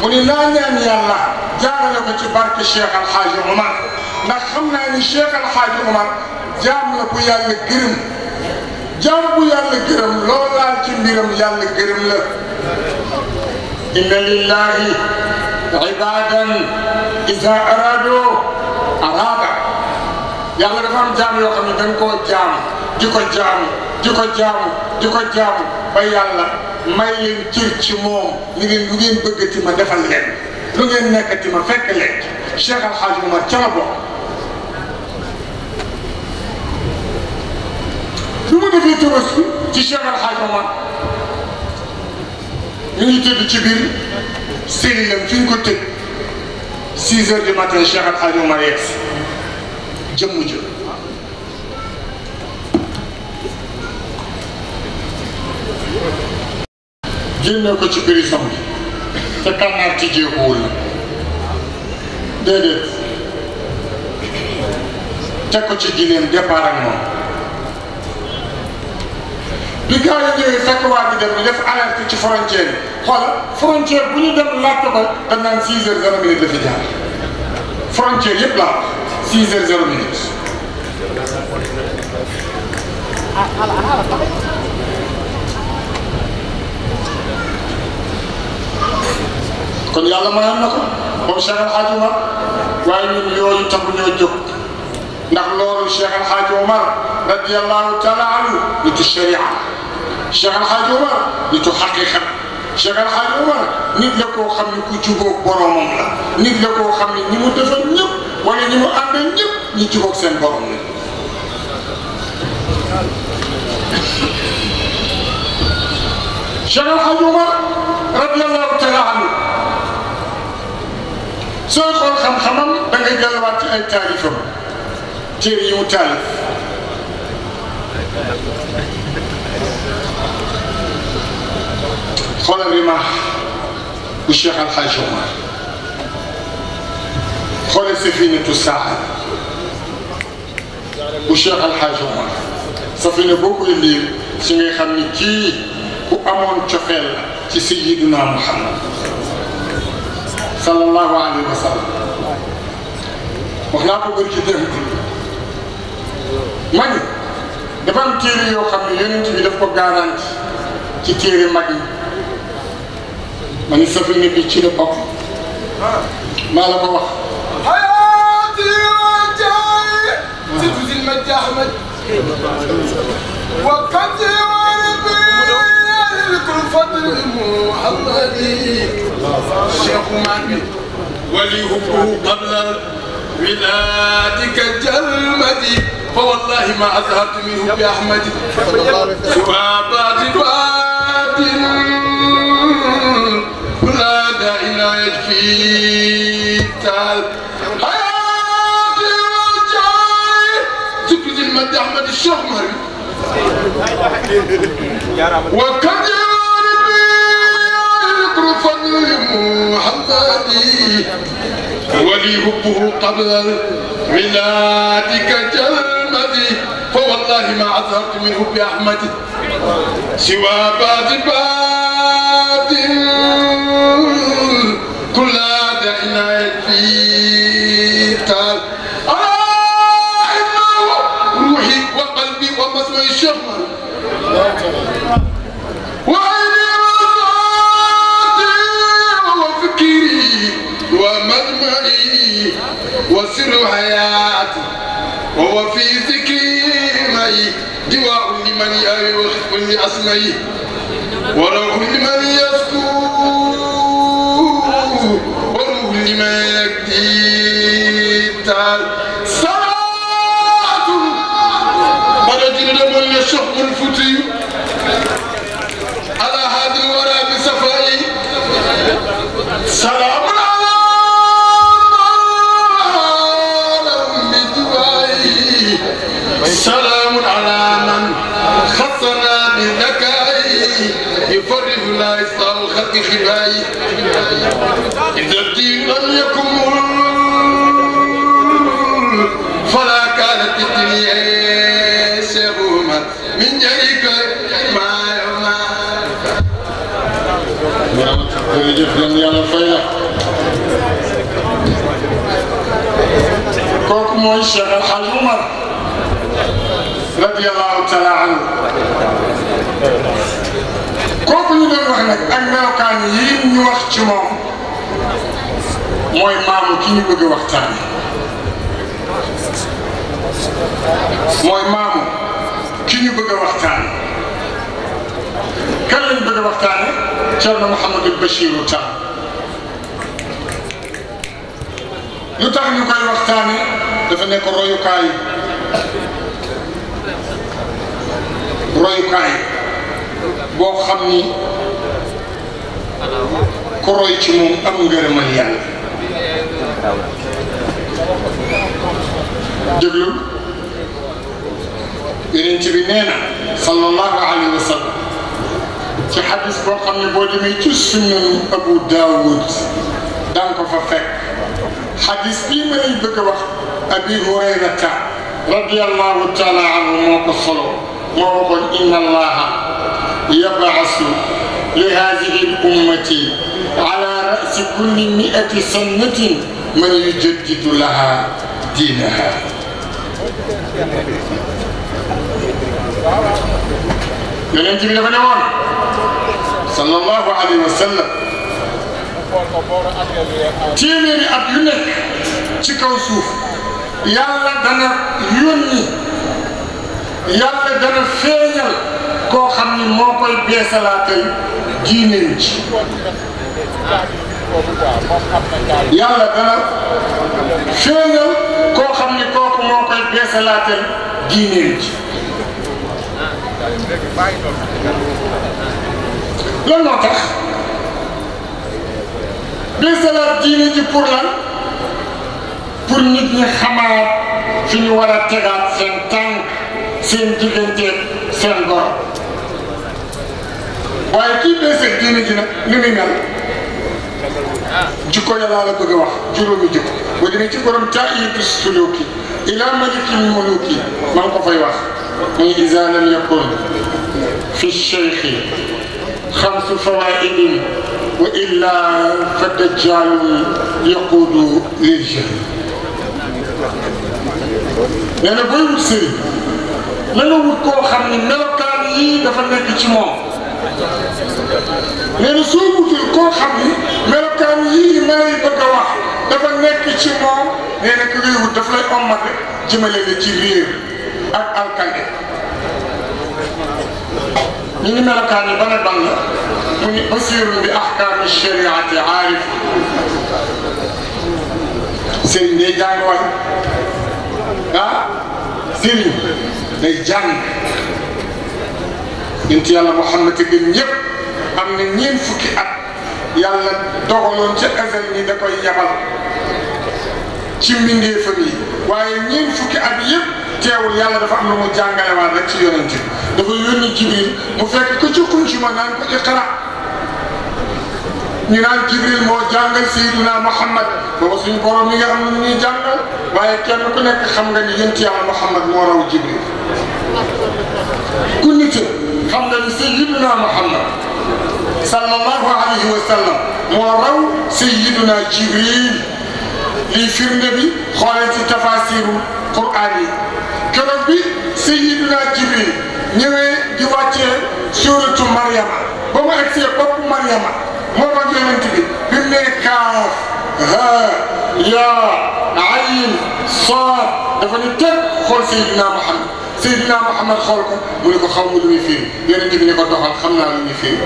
mu ni naa ñaan yàlla jaaral ko ci barke Cheikh Al Hadj Omar ndax xamna ni Cheikh Al Hadj Omar jaam la ko yàlla gërëm jaam bu yàlla gërëm loo laal ci mbiram yàlla gërëm la inna lillahi ibadan iza aradu arado yàlla dafa am jaam yoo xam ne dañ koo jaam di ko jaam di ko jaam di ko jaam ba yàlla may leen cër ci moom ñu ngeen lu ngeen ma defal leen lu ngeen nekkati ma fekk leen Cheikh Al Hadj Omar ca la bokk bi mu defee tabaski ci Cheikh Al Hadj Omar ñu ngi tëdd ci biir cellule am fi ñu ko tëj 6 heures du matin Cheikh Al Hadj Omar yegsi jëmm jë génne ko ci prison bi te kànnaar tijjeekuwul ko ci gineem départ ak bi gars yi ñëwee fekk waa bi dem ñu def alerte ci frontière yi xoola bu ñu dem laajte ko dañ naan six heures zéro minute la frontière yëpp la six heures zéro kon yàlla ma na ko moom Cheikh al hadji Omar way ñu yoyu tam ñu jox ndax lolu Cheikh al hadji Omar radiyallahu taala anhu nitu sharia Cheikh al hadji Omar nitu haqiqa Cheikh Al Hadj Omar nit la koo xam ne ku jubóog boromam la nit la koo xam ne mu defal ñëpp wala mu àndal ñëpp ñi jubóog seen borom la. Cheikh Al Hadj Omar radiyallahu xam-xamam da ngay delluwaat ci ay taalifam téere yi mu taalif. خول الرماح والشيخ الحاج عمر خول سفينة الساعة والشيخ الحاج عمر سفينة بوكو اللي سمي خمي كي امون تفل في سيدنا محمد صلى الله عليه وسلم وخلاقه بركي دم ماني دفن تيري يو خمي يونت بي دفكو غارانت ci téere mag yi من safina من ci la ما maa la حياتي وجاي تجوز المجد احمد وقتي وربي لكل فضل محمد الشيخ ولي هبه قبل ولادك جلمدي فوالله ما اظهرت منه باحمد سوى بعد بعد يعد في حياتي وجاي تبدي المد احمد الشهمري وقد يعرف محمدي ولي حبه قبل ميلادك جلمدي فوالله ما عذرت من حب احمد سوى باذ باذ تفسر حياته وهو في ذكري دواء لمن يخف لأسمعي وروح لمن يسكو وروح لمن يكتي صلاة بدت لمن يشق الفتي الكلاي إذا الدين لم يكن فلا كانت الدنيا سهوما من جريك ما يوما يا lan yàlla fay la kooku mooy Cheikh Al Hadj nag ak melokaan yi ñu wax ci moom mooy maamu ki ñu bëgg waxtaan mooy maamu ki ñu bëgg waxtaan kan lañ bëgg waxtaane Cerno Mouhamadou Bachirou Tall lu tax ñu koy waxtaane dafa nekk royukaayu royukaay boo xam ni ko roy ci moom am ngërëmal yàlla déglu yeneen ci bi nee na sallallahu alayhi wa sallam ci xadis boo xam ne boo demee ci sunan abu daawud daan ko fa fekk xadis bii ma lay bëgg a wax abi hurayrata radiallahu taala anhu moo ko solo moo waxoon inna allaha yabasu li hadihi l ummati في كل مئة سنة من يجدد لها دينها يونس بن بنون صلى الله عليه وسلم téeméeri at yu nekk ci kaw suuf yàlla dana yónni yàlla dana feeñal koo xam ni moo koy beesalaatal diine ji yàlla dana feeñal koo ni kooku moo koy beesalaatal diineen ji lan moo tax beesalaat diine ji pour lan pour nit ñi xamaat suñu ñu war tegaat seen tànk seen digganteeg seen gor waaye kii beesal diine ji nag ni muy mel جيكو يا لالا بغي واخ جيرومي جيكو بو ديمي تي بروم تاي تو سلوكي لم يكن في الشيخ خمس فوائد والا فالدجال يقود للجهل لانه بوي سي لانه بوي كو خامني ملوكان يي دا فا نيك سي موم nee na soo wutul koo xam ni melokaan yii ma lay bëgg a dafa nekk ci moom nee na ki ngay wut daf lay ommate jëmale la ci réer ak alkande ñu ngi melokaan yi ban ak ban la mu ni basirun bi ahkaami shariati aarif sëriñ day jàng waay ah sëriñ day jàng yonent yàlla Muhammad xam ne ñeent fukki at yàlla dogaloon ca ezel ni da koy yabal ci mbindeefam yi waaye ñeent fukki at yëpp teewul yàlla dafa am lu mu jàngalewaat rek ci yonent bi dafa yónni jibril mu fekk ko ci xuncuma naan ko iqra ñu naan jibril moo jàngal sayyiduna muhammad booba suñu borom mi nga xam ne ñuy jàngal waaye kenn ku nekk xam nga ni yonent yàlla muhammad moo raw jibril ku nite xam nga ni sayyiduna muhammad صلى الله عليه وسلم مروا سيدنا جبريل لفير نبي خالد التفاسير القرآني كربي سيدنا جبريل نيوي جواتي سورة مريم بما أكسي بب مريم مرة جنتي بني كاف ها يا عين صار دفن التب خل سيدنا محمد سيدنا محمد خالكم مولك خامل مفين يا رجل نبضها خامل مفين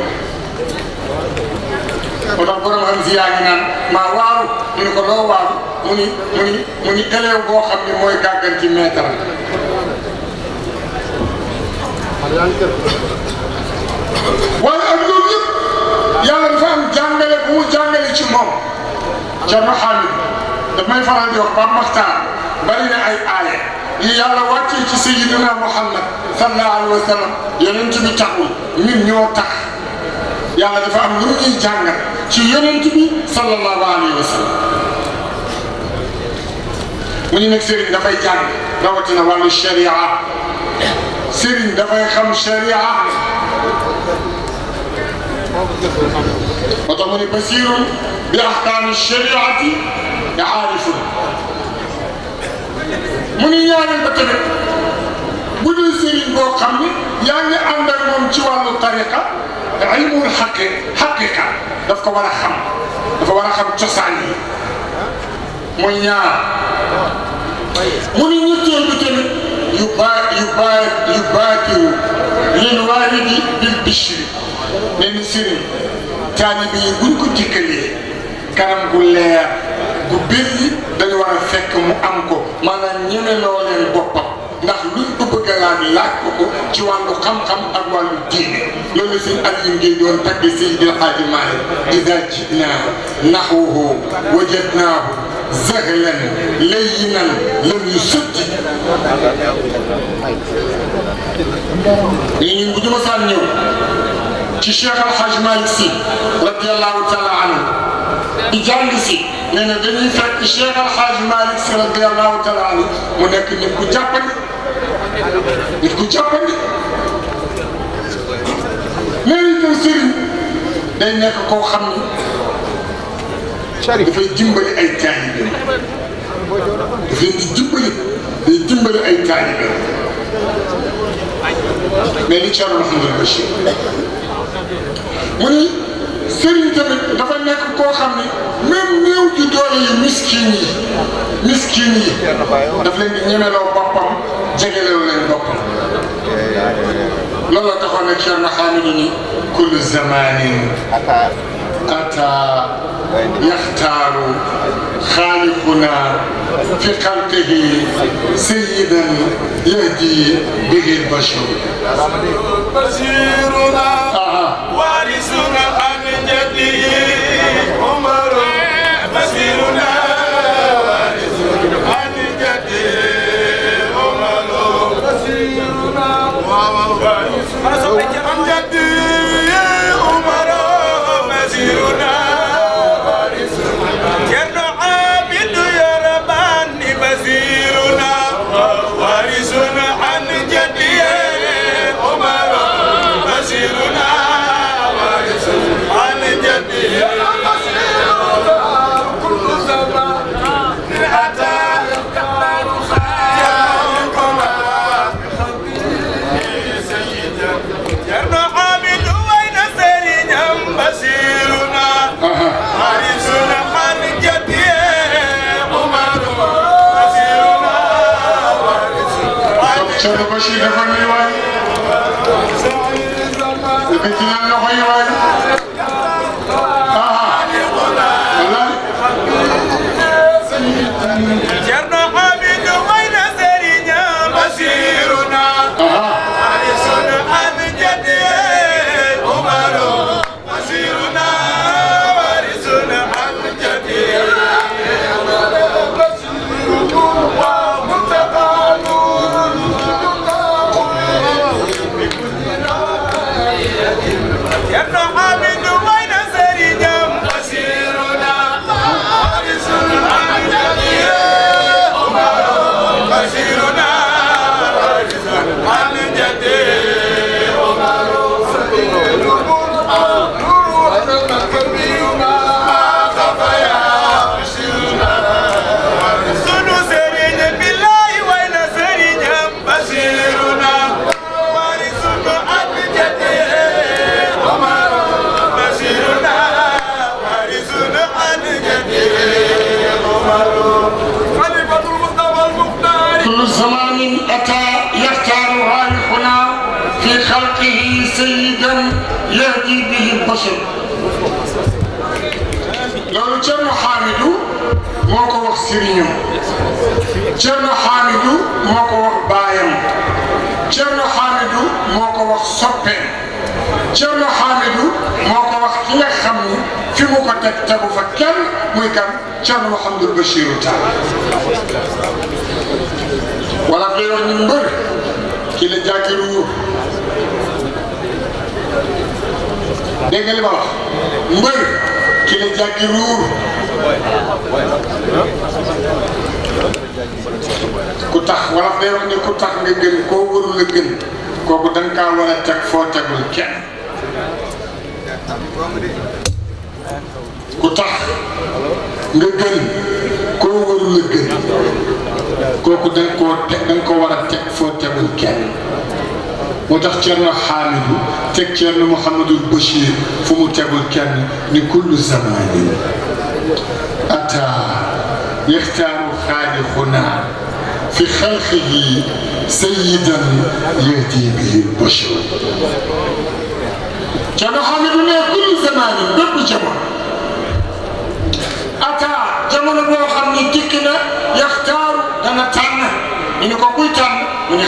moo tax borom xam si yaa ngi naan maa waaru ñu ne ko loo waaru mu ni mu ni mu ni élève boo xam ne mooy gàggan ci maître waaye ak loolu yëpp yàlla dafa am jàngale bu mu jàngale ci moom Thierno Hamid daf may faral di wax ba Maxtaar bari na ay aaye yi yàlla wàccee ci sayyidina Muhammad sallallahu alayhi wa sallam yeneen ci bi taxul ñun ñoo tax. yàlla dafa am lu ñuy jàngal ci yonent bi sallallahu alayhi wa sallam mu ñu nekk sëriñ dafay jàng rawatina wàllu sharia sëriñ dafay xam sharia moo tax mu ne basiirun bi ahkaami shariati ya aarifun mu ni ñaareel ba tamit bu dul yani boo xam ni ci wàllu tariqa te ilmul xaqi xaqiqa daf ko war a xam dafa war a xam cosaan yi muy ñaar mu ni ñetteel bi tamit yu baa yu baa yu baatiru lil waalidi bil bishri ne ni sëriñ taalibe yi buñ ko jëkkalee kanam gu leer gu bir yi dañu war a fekk mu am ko maanaam ñeme loo leen boppam ndax luñ ko bëgg a laaj laaj ko ko ci wàllu xam-xam ak wàllu diine loolu suñ Aliou Ngéye doon tagg Seydi Xaaji Maalik ida jinaa naxwahu wajadnaahu zahlan layyinan lam yusatti ñu ngi bu ñu ma saan ñëw ci Cheikh Al Hadj Malick Sy radiyallahu taala anhu di jàng si nee na dañuy fekk Cheikh Al Hadj Malick Sy radiyallahu taala anhu mu nekk nit ku jàppale nit ku jàppandi léegi ñoom sëriñ day nekk koo ne dafay dimbali ay taalibe dafay di dimbali day ay taalibe mais li Thierno Mouhamadou Bachir mu ni sëriñ tamit dafa nekk koo xam ne même néew doole yi miskin yi daf leen di ñemeloo boppam لا تكون حاملين كل زمان أتى يختار خالقنا في خلقه سيدا يهدي به البشر بشيرنا آه. وارث خلقه سيدا يهدي به البشر لو جن حامد موكو وخ سيرين جن حامد موكو وخ بايم جن حامد موكو وخ سوبين جن حامد موكو وخ كي خامو في موكو تك تبو فكان موي كان جن محمد البشير تا ولا غيرو نمبر كي لا جاكرو dégg nga li mbër ki la jàggi ruur ku tax wala day wax ne ku tax nga gën koo warul gën kooku da nga war a teg foo tegul kenn ku tax nga gën koo warul gën kooku da nga teg da ko war a teg foo tegul kenn motax tax Thierno tek teg Thierno bashir Bachir fu mu tegul kenn ni kullu zamanin ata yaxtaaru xaalixunaa fi khalqihi sayyidan yahdi bihi bashir Thierno Hamidou ne kullu zamanin bépp jamo ata jamono boo xamni ne dikk dana tan ni ko kuy tan ni ne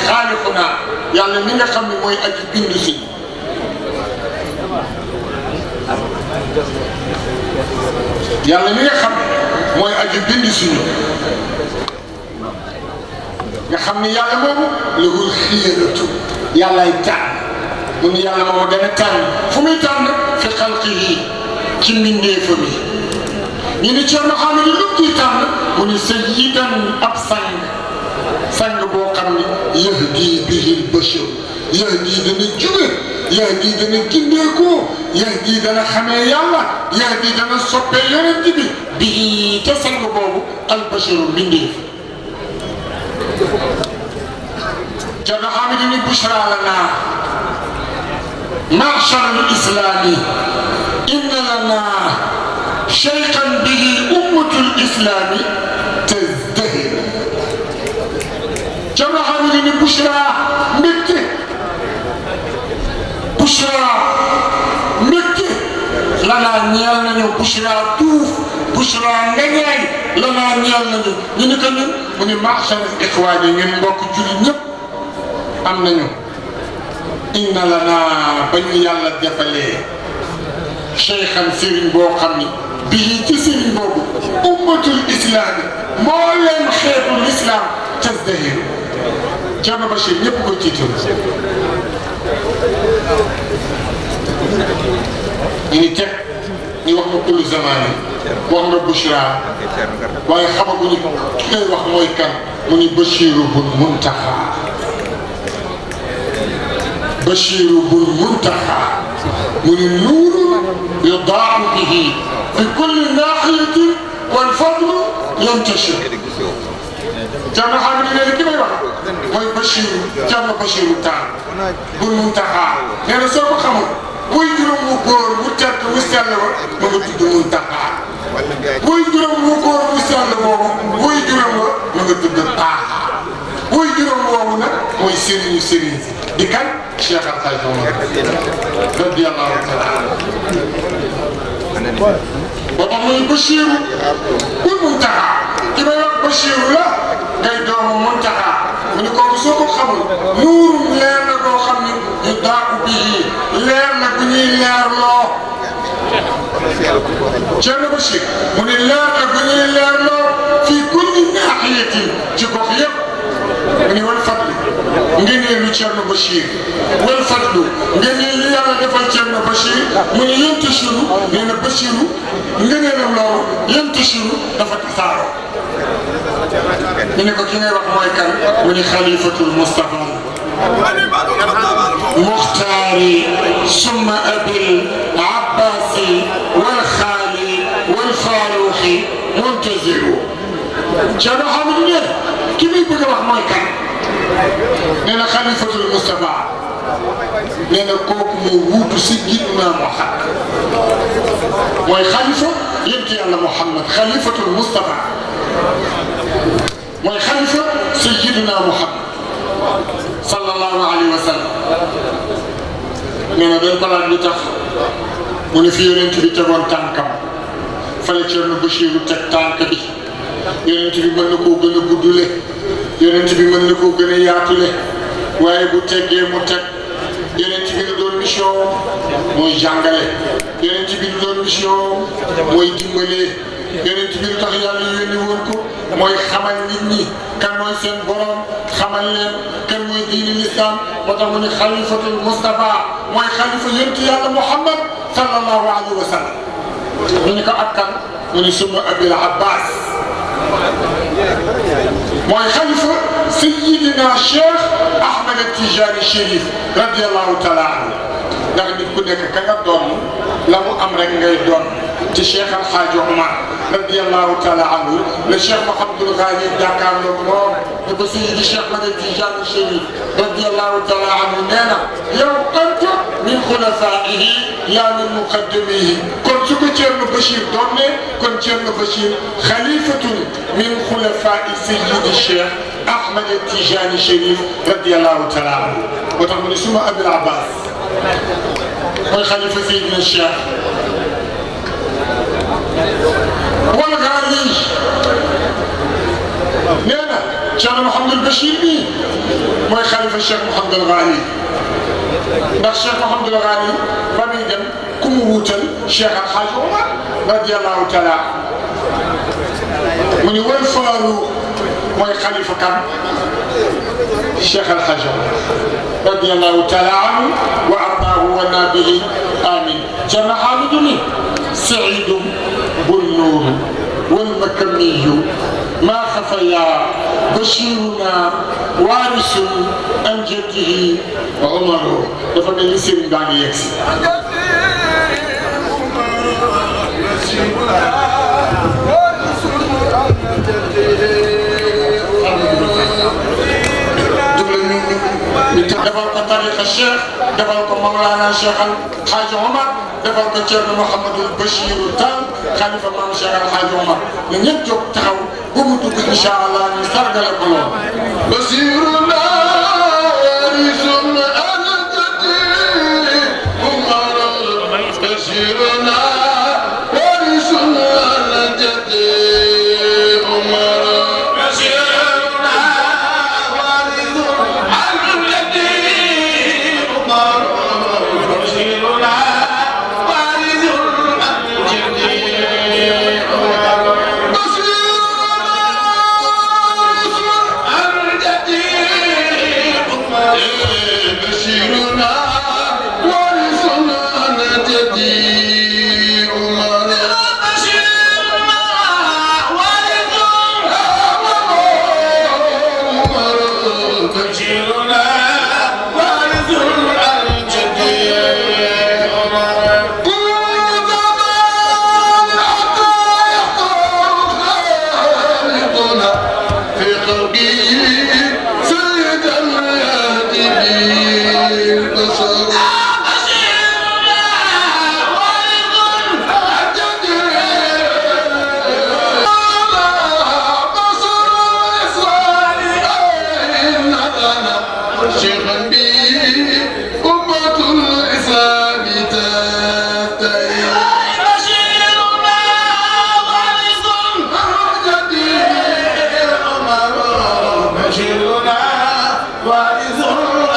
yàlla mi nga xam ne mooy aji bindu si yàlla mi nga xam ne mooy aji bindu si nga xam ni yàlla boobu lahul xiyaratu yàllaay tànn mu ni yàlla moom dana tànn fu muy tànn fi xalqihi ci mbindeefam yi ñu ni Thierno Hamidou lu muy tànn mu ni sayyidan ab sang sang boobu الشر يهدي به البشر يهدي به الجبر يهدي به الكنديكو يهدي به خمايا الله يهدي دنا الصبيان الجبي به تسلم بابو البشر من ديف جمع حامد بن بشرى لنا معشر الإسلام إن لنا شيخا به أمة الإسلام ni Bouchra mbégte Bouchra mbégte lanaa ñeel nañu Bouchra tuuf Bouchra ngañaay lanaa ñeel nañu ñu ni ko ñun mu ni maasar ixwaan yi ñun mbokk julli ñëpp am nañu inna lanaa ba ñu yàlla defalee cheikhan sëriñ boo xam ni bii ci sëriñ boobu ummatul islaami moo leen xeetu lislaam tasdahiru Thierno Bachir ñëpp koy jiital ñu ni teg ñu wax ma kullu zamani wax ma Bouchra waaye xamaguñu ki ngay wax mooy kan mu ni Bachiru bun Muntaxa Bachiru bun Muntaxa mu ni nuuru yudaa'u bihi fi kulli naaxiyatin wal fadlu yantashir Thierno Hamidou nee na ki may wax mooy Bachir Thierno Bachirou Tall bul Muntaxa nee na soo ko xamul buy juróom mu góor mu tedd mu sell ba ma nga tudd Muntaxa buy mu góor mu sell boobu buy juróom ba ma nga tudd Taaxa buy juróom boobu nag mooy sëriñu sëriñ di kan Cheikh Al Hadj Omar radiyallahu taala anhu ba tax muy Bachirou bul Muntaxa ki may wax Bachirou la. day doomu muntaxa mu ñu kooku soo ko xamul nuuru leer na boo xam ni di daaku bii leer na bu ñuy leerloo Thierno Bachir mu ne leer na bu ñuy leerloo fii kulli naaxiyatin ci gox yëpp mu ne wal fadlu ngëneelu Thierno Bachir wal fadlu ngëneel li yàlla defal Thierno Bachir mu ne yëntu sunu nee na Bachiru ngëneelam loolu yëntu sunu dafa tasaaroo ñu ne ko ki ngay wax mooy kan mu ne xalifatul Moustapha muxtaari summa abil abbaasi wal xaali wal faaruuxi muntaziru Thierno Hamidou ne ki muy bëgg a wax mooy kan nee na xalifatul Moustapha nee na kooku moo wuutu Sayyidina Muhammad mooy xalifa yéen ci yàlla Muhammad xalifatul Mustafa mooy xalifa Sayyidina Muhammad sallallahu alayhi wa sallam nee na dañ ko laaj lu tax mu ne fi yonent bi tegoon tànkam fale Thierno Bachirou teg tànk bi yonent bi mën na koo gën a guddule yonent bi mën na koo gën a yaatule waaye bu teggee mu teg. yeneen ci bi la doon mission mooy jàngale yeneen ci bi la doon mission mooy dimbalee yeneen ci bi lu tax yàlla yónni woon ko mooy xamal nit ñi kan mooy seen borom xamal leen kan mooy diini lislaam ba tax mu ne xalifatul Mustafa mooy xalifa yonent yàlla Muhammad sallallahu alayhi wa sallam ñu ni ko ak kan mu ne suma abil abbas mooy xalifa سيدنا الشيخ احمد التجاري الشريف رضي الله تعالى عنه دا نكون لك كغا دون لامو أمرك غير غاي الشيخ الحاج عمر رضي الله تعالى عنه الشيخ محمد الغالي دكار لو مو تو سيدي الشيخ احمد التجاري الشريف رضي الله تعالى عنه نانا يوم كنت من خلفائه يا من مقدميه كون سكو تشيرن بشير دوني كون تشيرن بشير خليفه من خلفاء سيدي الشيخ احمد التيجاني الشريف رضي الله تعالى عنه وتعمل اسمه ابي العباس والخليفه سيدنا الشيخ والغالي نانا شان محمد البشير مين؟ والخليفه الشيخ محمد الغالي الشيخ نعم، محمد الغالي بميدم كموتن شيخ الحاج عمر رضي الله تعالى عنه من يقول فاروق mooy xalifa kan cheikh alhaja radiallahu taala anhu wa ardaahu wa nabihi amin ceerno haamidu ni saidum bunnuuru walmakamiyu ما خفيا بشيرنا وارث عن جده وعمر دفع لي سيرين داني يكسي tariqa cheikh defal ko Mawlana Cheikh Al Hadj Omar defal ko Thierno Mouhamadou Bachir Tall xalifa maam Cheikh Al Hadj Omar na ñëpp jóg taxaw bu mu dugg incha allah ñu sargale ko lool. Bachir رو رو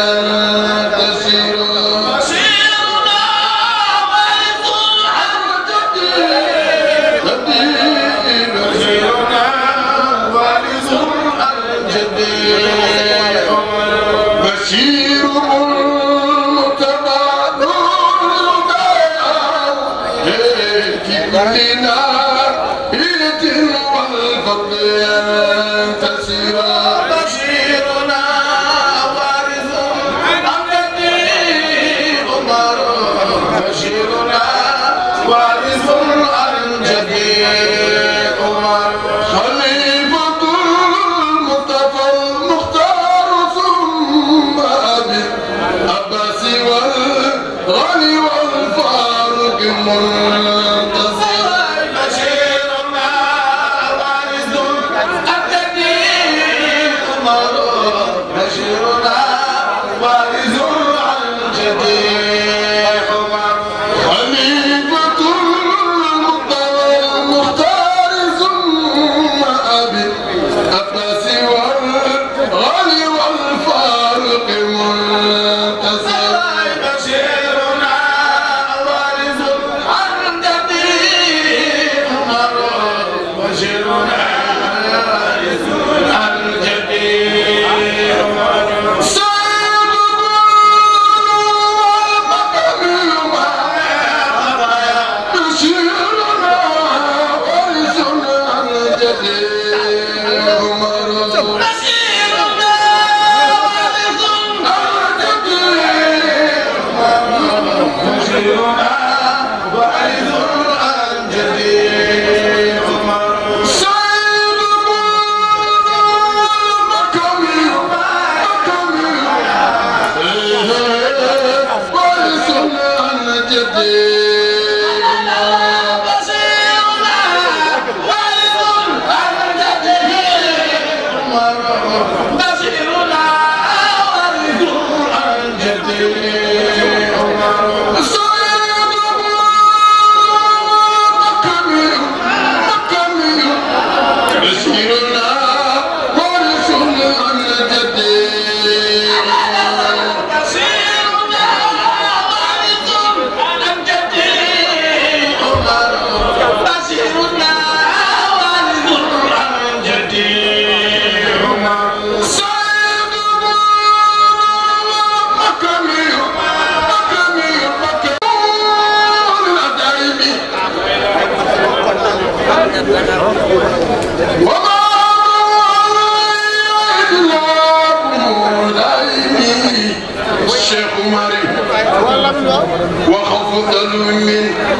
انا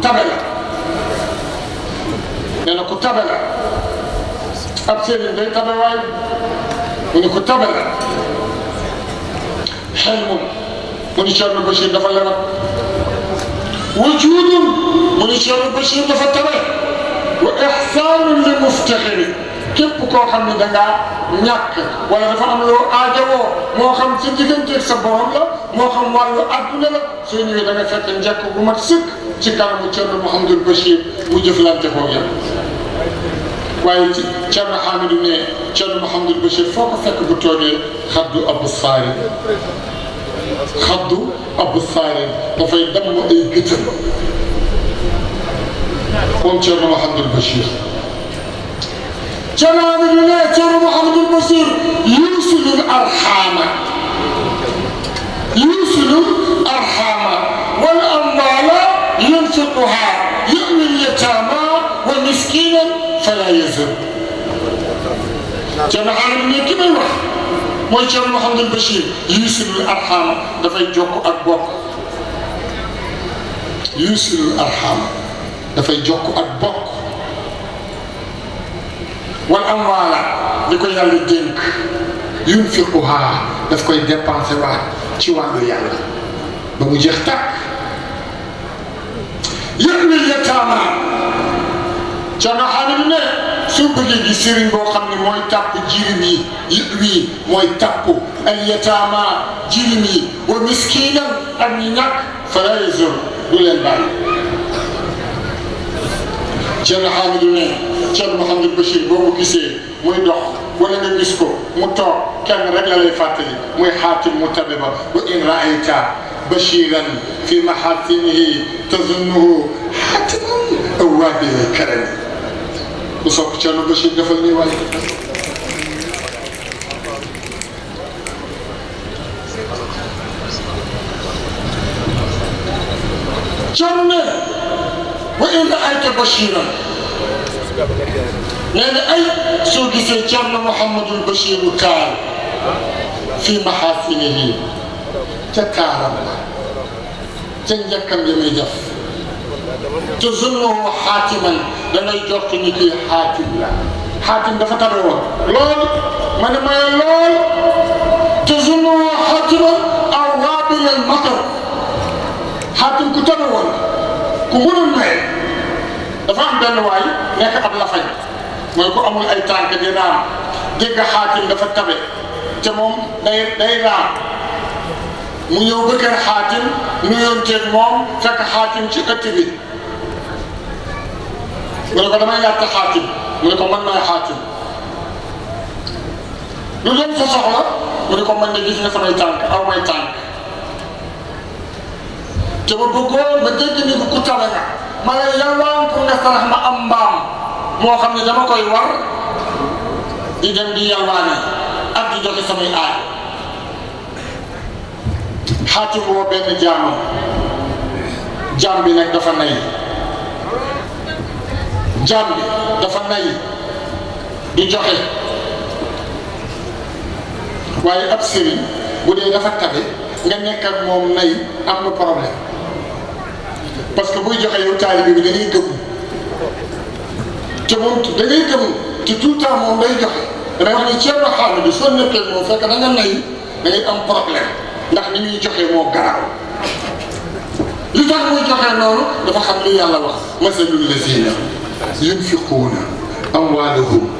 kutabala neno kutabala absirin day tabe waay mu ni kutabala xelmum mu ni Thierno Bachir dafa lerat وجود من شر البشير لفتوه وإحسان لمفتخر كيف كو خامني داغا نياك ولا دا فام لو اداو مو خام سي ديغنتك سا بوروم لا مو خام والو ادنا لا سو نيوي داغا فك نجاك بو مات سك ci kanamu Thierno Mouhamadul Bachir mu jëflante ko ak yow waaye ci Thierno Hamidou ne Thierno Mouhamadul Bachir foo ko fekk bu toogee xaddu abu saari xaddu abu saari dafay damm ay gëtëm moom Thierno Mouhamadul Bachir Thierno Hamidou ne Thierno Mouhamadul Bachir yuusulul arxam ينفقها يؤمن اليتامى ومسكينا فلا يزر جمع عالمي كما يوح موجه محمد البشير يسر الأرحام دفع جوكو أبوك يسر الأرحام دفع جوكو أبوك والأموال لكي يالي دينك ينفقها دفع كي ديبان سوا تشوانو يالي يعني؟ بمجيختك yëpp li yataama Cerno Hamidou ne soo bëggee gi sëriñ boo xam ne mooy tàpp jirim yi yëpp wii mooy tàpp al yataama jirim yi wa miskiinam ak ñi ñàkk fala yasur du leen bàyyi Cerno Hamidou ne Cerno Mouhamadou Bachir boo ko gisee muy dox wala nga gis ko mu toog kenn rek la lay fàttali muy xaatim mu tabe ba ba in raayta بشيرا في محاسنه تظنه حتما أوابه كرم وصوك كانوا بشير دفلني واي جنة وإن رأيت بشيرا لأن أي سوق سيجرنا محمد البشير كان في محاسنه ca kaaram la ca njëkkam li muy def te zunnuhu xaatiman dangay jox ni kii xaatim la xaatim dafa tabe woon lool ma ne ma lool te zunnuhu xaatiman aw waabilal matar xaatim ku tabe woon ku mënul may dafa am benn waay nekk ab lafañ mooy ku amul ay tànk di raam dégg xaatim dafa tabe te moom day day raam mu ñëw ba kër xaatim nuyonteeg moom fekk xaatim ci ëtt bi mu ne ko damay yàtt xaatim mu ko man maay xaatim lu doon sa soxla mu ne ko man de gis te ba bëggoon ku tala ma lay yalwaan pour nga sarax moo xam ne dama koy war di dem di yalwaane ak di joxe samay xaatim woo benn jaamam jaam bi nag dafa nay jaam bi dafa nay du joxe waaye ab bu dee dafa tabe nga nekk ak moom nay am problème parce que buy joxe yow taalibe bi da ngay te moom da ngay gëm te tout le moom day joxe da ceeb la xaalis bi soo nekkee moom fekk da nga nay da problème. ينفقون أموالهم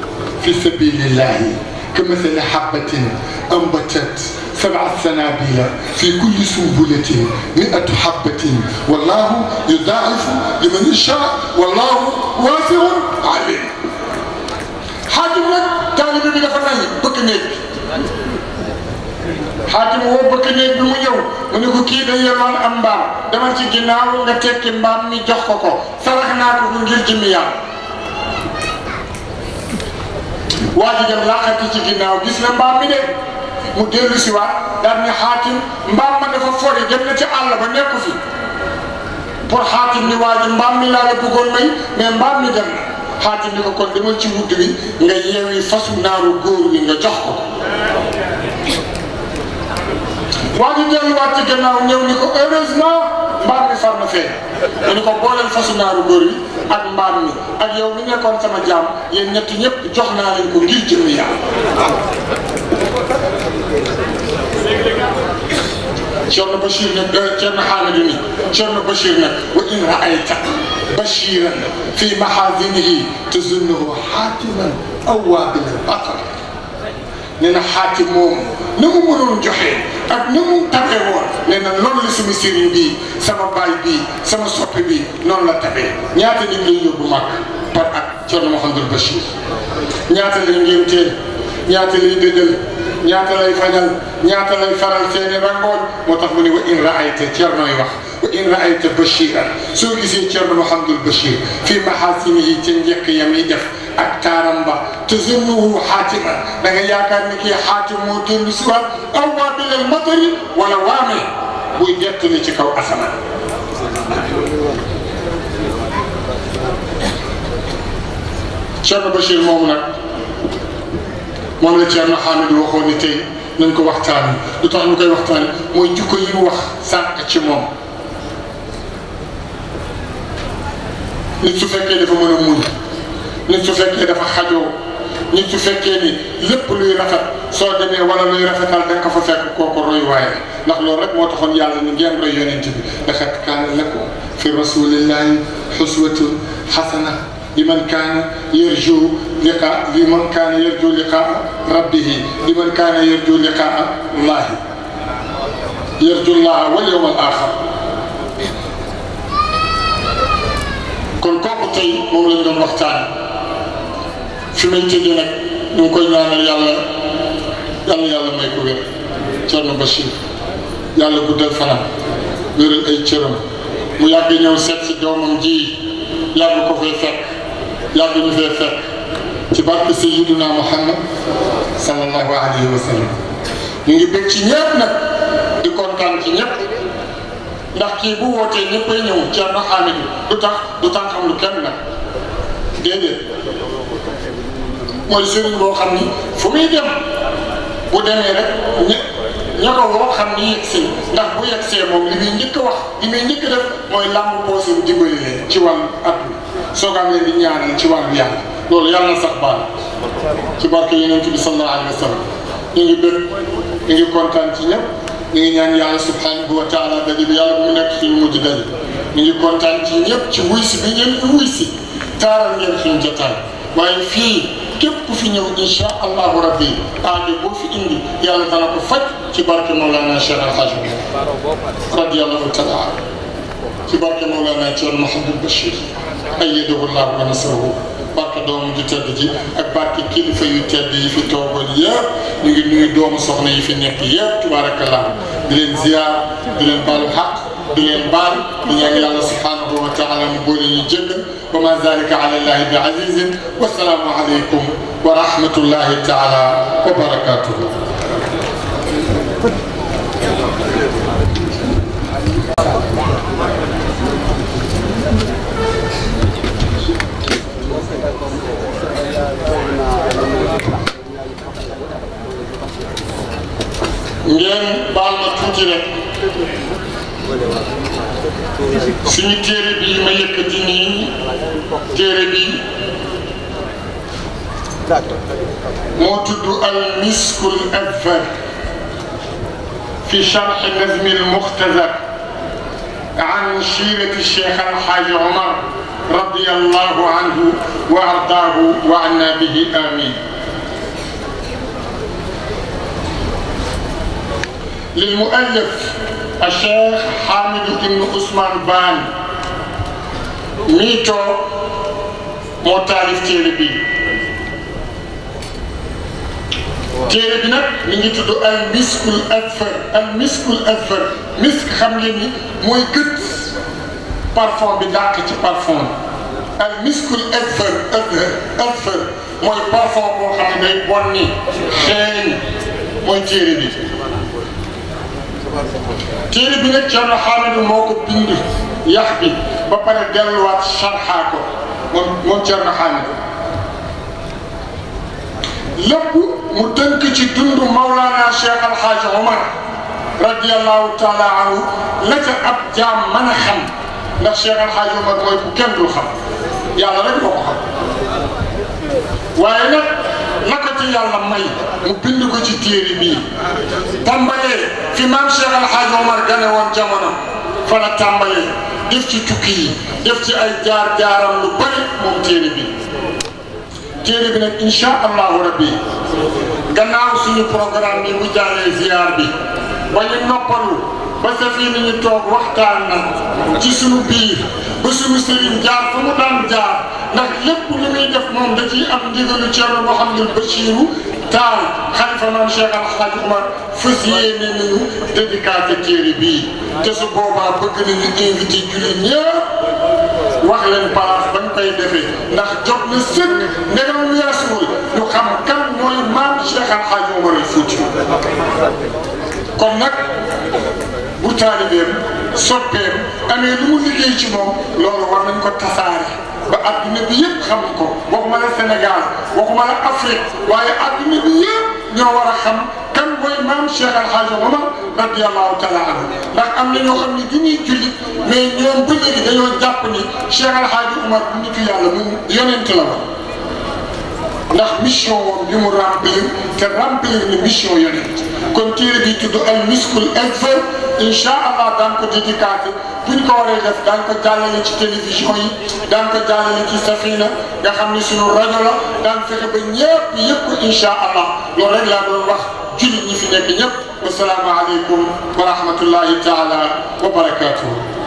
في سبيل الله كمثل حبة أنبتت سبع سنابل في كل سنبلة مئة حبة والله يضاعف لمن يشاء والله واسع عليم حاجة من تعلم من فرنه بكنيك xaatim woo bëkk néeg bi mu ñëw mu ko kii day yelloon am mbaam demal ci ginnaaw nga tekki mbaam mi jox ko ko sarax naa ko ngir jëmmi yàlla waa ji dem laaxati ci ginnaaw gis na mbaam mi de mu dellu si waat daal ne xaatim mbaam ma dafa fori dem na ci àll ba nekku fi pour xaatim ni waa mbaam mi laa la bëggoon may mais mbaam mi dem xaatim ni ko kon demal ci wudd wi nga yeewi fasu naaru góor wi nga jox ko waa ñu delluwaat ci gannaaw ñëw ni ko heureusement mbaam mi far na fee dañu ko booleel fasu naaru góor yi ak mbaam mi ak yow mi nekkoon sama jaam yéen ñetti ñëpp jox naa leen ko ngir jëm yàlla Cerno Bachir nag eh, Cerno Xaamidu fi mahazinihi tazunnahu xaakiman aw waabilan nee na xaakim moom ni mu mënoon joxe ak ni mu tabee woon nee na noonu la suñu sëriñ bii sama baay bii sama soppi bi noonu la tabee ñaata nit lay yóbbu mag par at Thierno Mouhamadou Bachir ñaata lay ngénteel ñaata lay dëjël ñaata lay fajal ñaata lay faral seeni rangoon moo tax mu ne wa in raayta Cerno ay wax wa in raayta bashira soo gisee Cerno Mouhamadul bashir fi maxaasinihi ca njëkk ya muy def ak taaram te zunuhu xaatima da nga yaakaar ni kii xaatim moo dellu si waat aw waabilal matari wala waame buy ni ci kaw asamaan Cerno bashir moomu nag moom la Thierno Hamidou waxoon ni tey nañ ko waxtaan lu tax ñu koy waxtaan mooy jikko yi mu wax sànq ci moom nit su fekkee dafa mën a muñ nit su fekkee dafa xajoo nit su fekkee ni lépp luy rafet soo demee wala luy rafetal da nga ko fa fekk kooku roy waaye ndax loolu rek moo taxoon yàlla ni ngeen roy yonent bi daxat kaana lakum fi rasulillahi xuswatun xasana لمن كان يرجو لقاء لمن كان يرجو لقاء ربه لمن كان يرجو لقاء الله يرجو الله واليوم الاخر كل كوكتي مولد المختار في ميتين نكون انا يلا يلا يلا ما يكون تشرم بشير يلا كنت فانا نور الاي تشرم ويا بيني وسط دومم جي يا بكو في فك yàgg ñu fee fekk ci barke Sayyidina Muhammad sallallahu alayhi wa sallam ñu ngi bëgg ci ñëpp nag di kontaan ci ñëpp ndax kii bu wootee ñëppay ñëw Thierno Hamidou du tax du tànkam lu kenn nag déedéet mooy sëriñ boo xam ni fu muy dem bu demee rek ñë ña ko woo xam ni yegg see ndax bu yegg see moom li muy njëkk wax li muy njëkk def mooy làmb poosam dimbali leen ci wàllu at soogaan leen di ñaanal ci bi yàlla loolu yàlla na sax baal ci barke yonent bi sallallahu alayhi wa sallam ñu ngi bëgg ñu ngi kontaan ci ñëpp ñu ngi ñaan yàlla subhanahu wa taala daje bi yàlla bu mu nekk suñu mujj daje ñu ngi kontaan ci ñëpp ci wuy si bi ngeen di wuy si taaral ngeen suñu jotaay waaye fii képp ku fi ñëw insha allahu rabbi aajo boo fi indi yàlla dana ko faj ci barke Mawlana Cheikh Al Hadj radiyallahu taala كبارك مولانا جون محمد البشير أيده الله ونصره بارك دوم دي تدجي أكبارك كل في تدجي في توب اليا نجي دوم صغني في نقيا تبارك الله دلين زيار دلين بال حق دلين بال دلين الله سبحانه وتعالى مبولي جدا وما ذلك على الله بعزيز والسلام عليكم ورحمة الله تعالى وبركاته ngeen baal ma tuuti rek suñu téere bi ma yëkkati nii téere bi moo tudd al miskul adfar fi charx nazmi al muxtasar عن شيرة الشيخ الحاج عمر رضي الله عنه وأرضاه وعنا به آمين للمؤلف الشيخ حامد بن عثمان بان ميتو moo taalif téere bi téere bi nag mi ngi tudd al miskul asfar al miskul asfar misk xam ngeen ni mooy gët parfum bi dàq ci parfum al miskul asfar asfar mooy parfum boo xam ne day bon ni xeeñ mooy téere bi téere bi nag Thierno Hamidou moo ko bind yax bi ba pare delluwaat sarxaa ko moom moom Thierno Hamidou lépp mu tënk ci dundu Maulana Cheikh Al Hadj Omar radiyallahu taala anhu la ca ab jaam mën a xam ndax Cheikh Al Hadj Omar mooy bu kenn dul xam yàlla rek moo ko xam waaye nag. ci yàlla may mu bind ko ci téere bii tàmbalee Omar gane woon jamono fa la tàmbalee def ci tukki yi def ci ay jaar-jaaram lu bëri moom téere bi téere bi nag incha rabbi gannaaw suñu programme bi bu jàllee ziar bi ba noppalu ba sa fii ni ñu toog waxtaan na ci suñu biir ba suñu sëriñ jaar fa mu daan jaar ndax lépp li muy def moom da ciy am ndigalu Thierno Mouhamadou Bachirou Tall xalifa maam Cheikh Al Hadj Omar fas yéene nañu dédicacé téere bii te su boobaa bëgg nañu invité jullit ñëpp wax leen place bañ koy defee ndax jot na sëkk ndegam weesuwul ñu xam kan mooy maam Cheikh Al Hadj Omar al Fouti kon nag. taalibeem so amee lu mu liggéey ci moom loolu war nañ ko tasaare. ba adduna bi yëpp xam ko waxuma ma Sénégal waxuma la Afrique waaye adduna bi yëpp ñoo war a xam kan mooy maam Cheikh Al Hadj Omar radiyallahu taala anhu am na ñoo xam ne du ñuy jullit mais ñoom ba léegi dañoo jàpp ni Cheikh Al Hadj Omar bu nitu ndax mission moom bi mu remplir te remplir ni mission yonent kon téere bi tudd al miskul esver insha allah daan ko dédicacé buñ ko waree def daan ko jàllale ci télévision yi daan ko jàllale ci safina nga xam ne suñu rajo la daan fexe ba ñëpp yëpp insha allah loolu rek laa doon wax julit ñi fi nekk ñëpp wasalaamu alaykum wa rahmatullahi taala wa barakatuh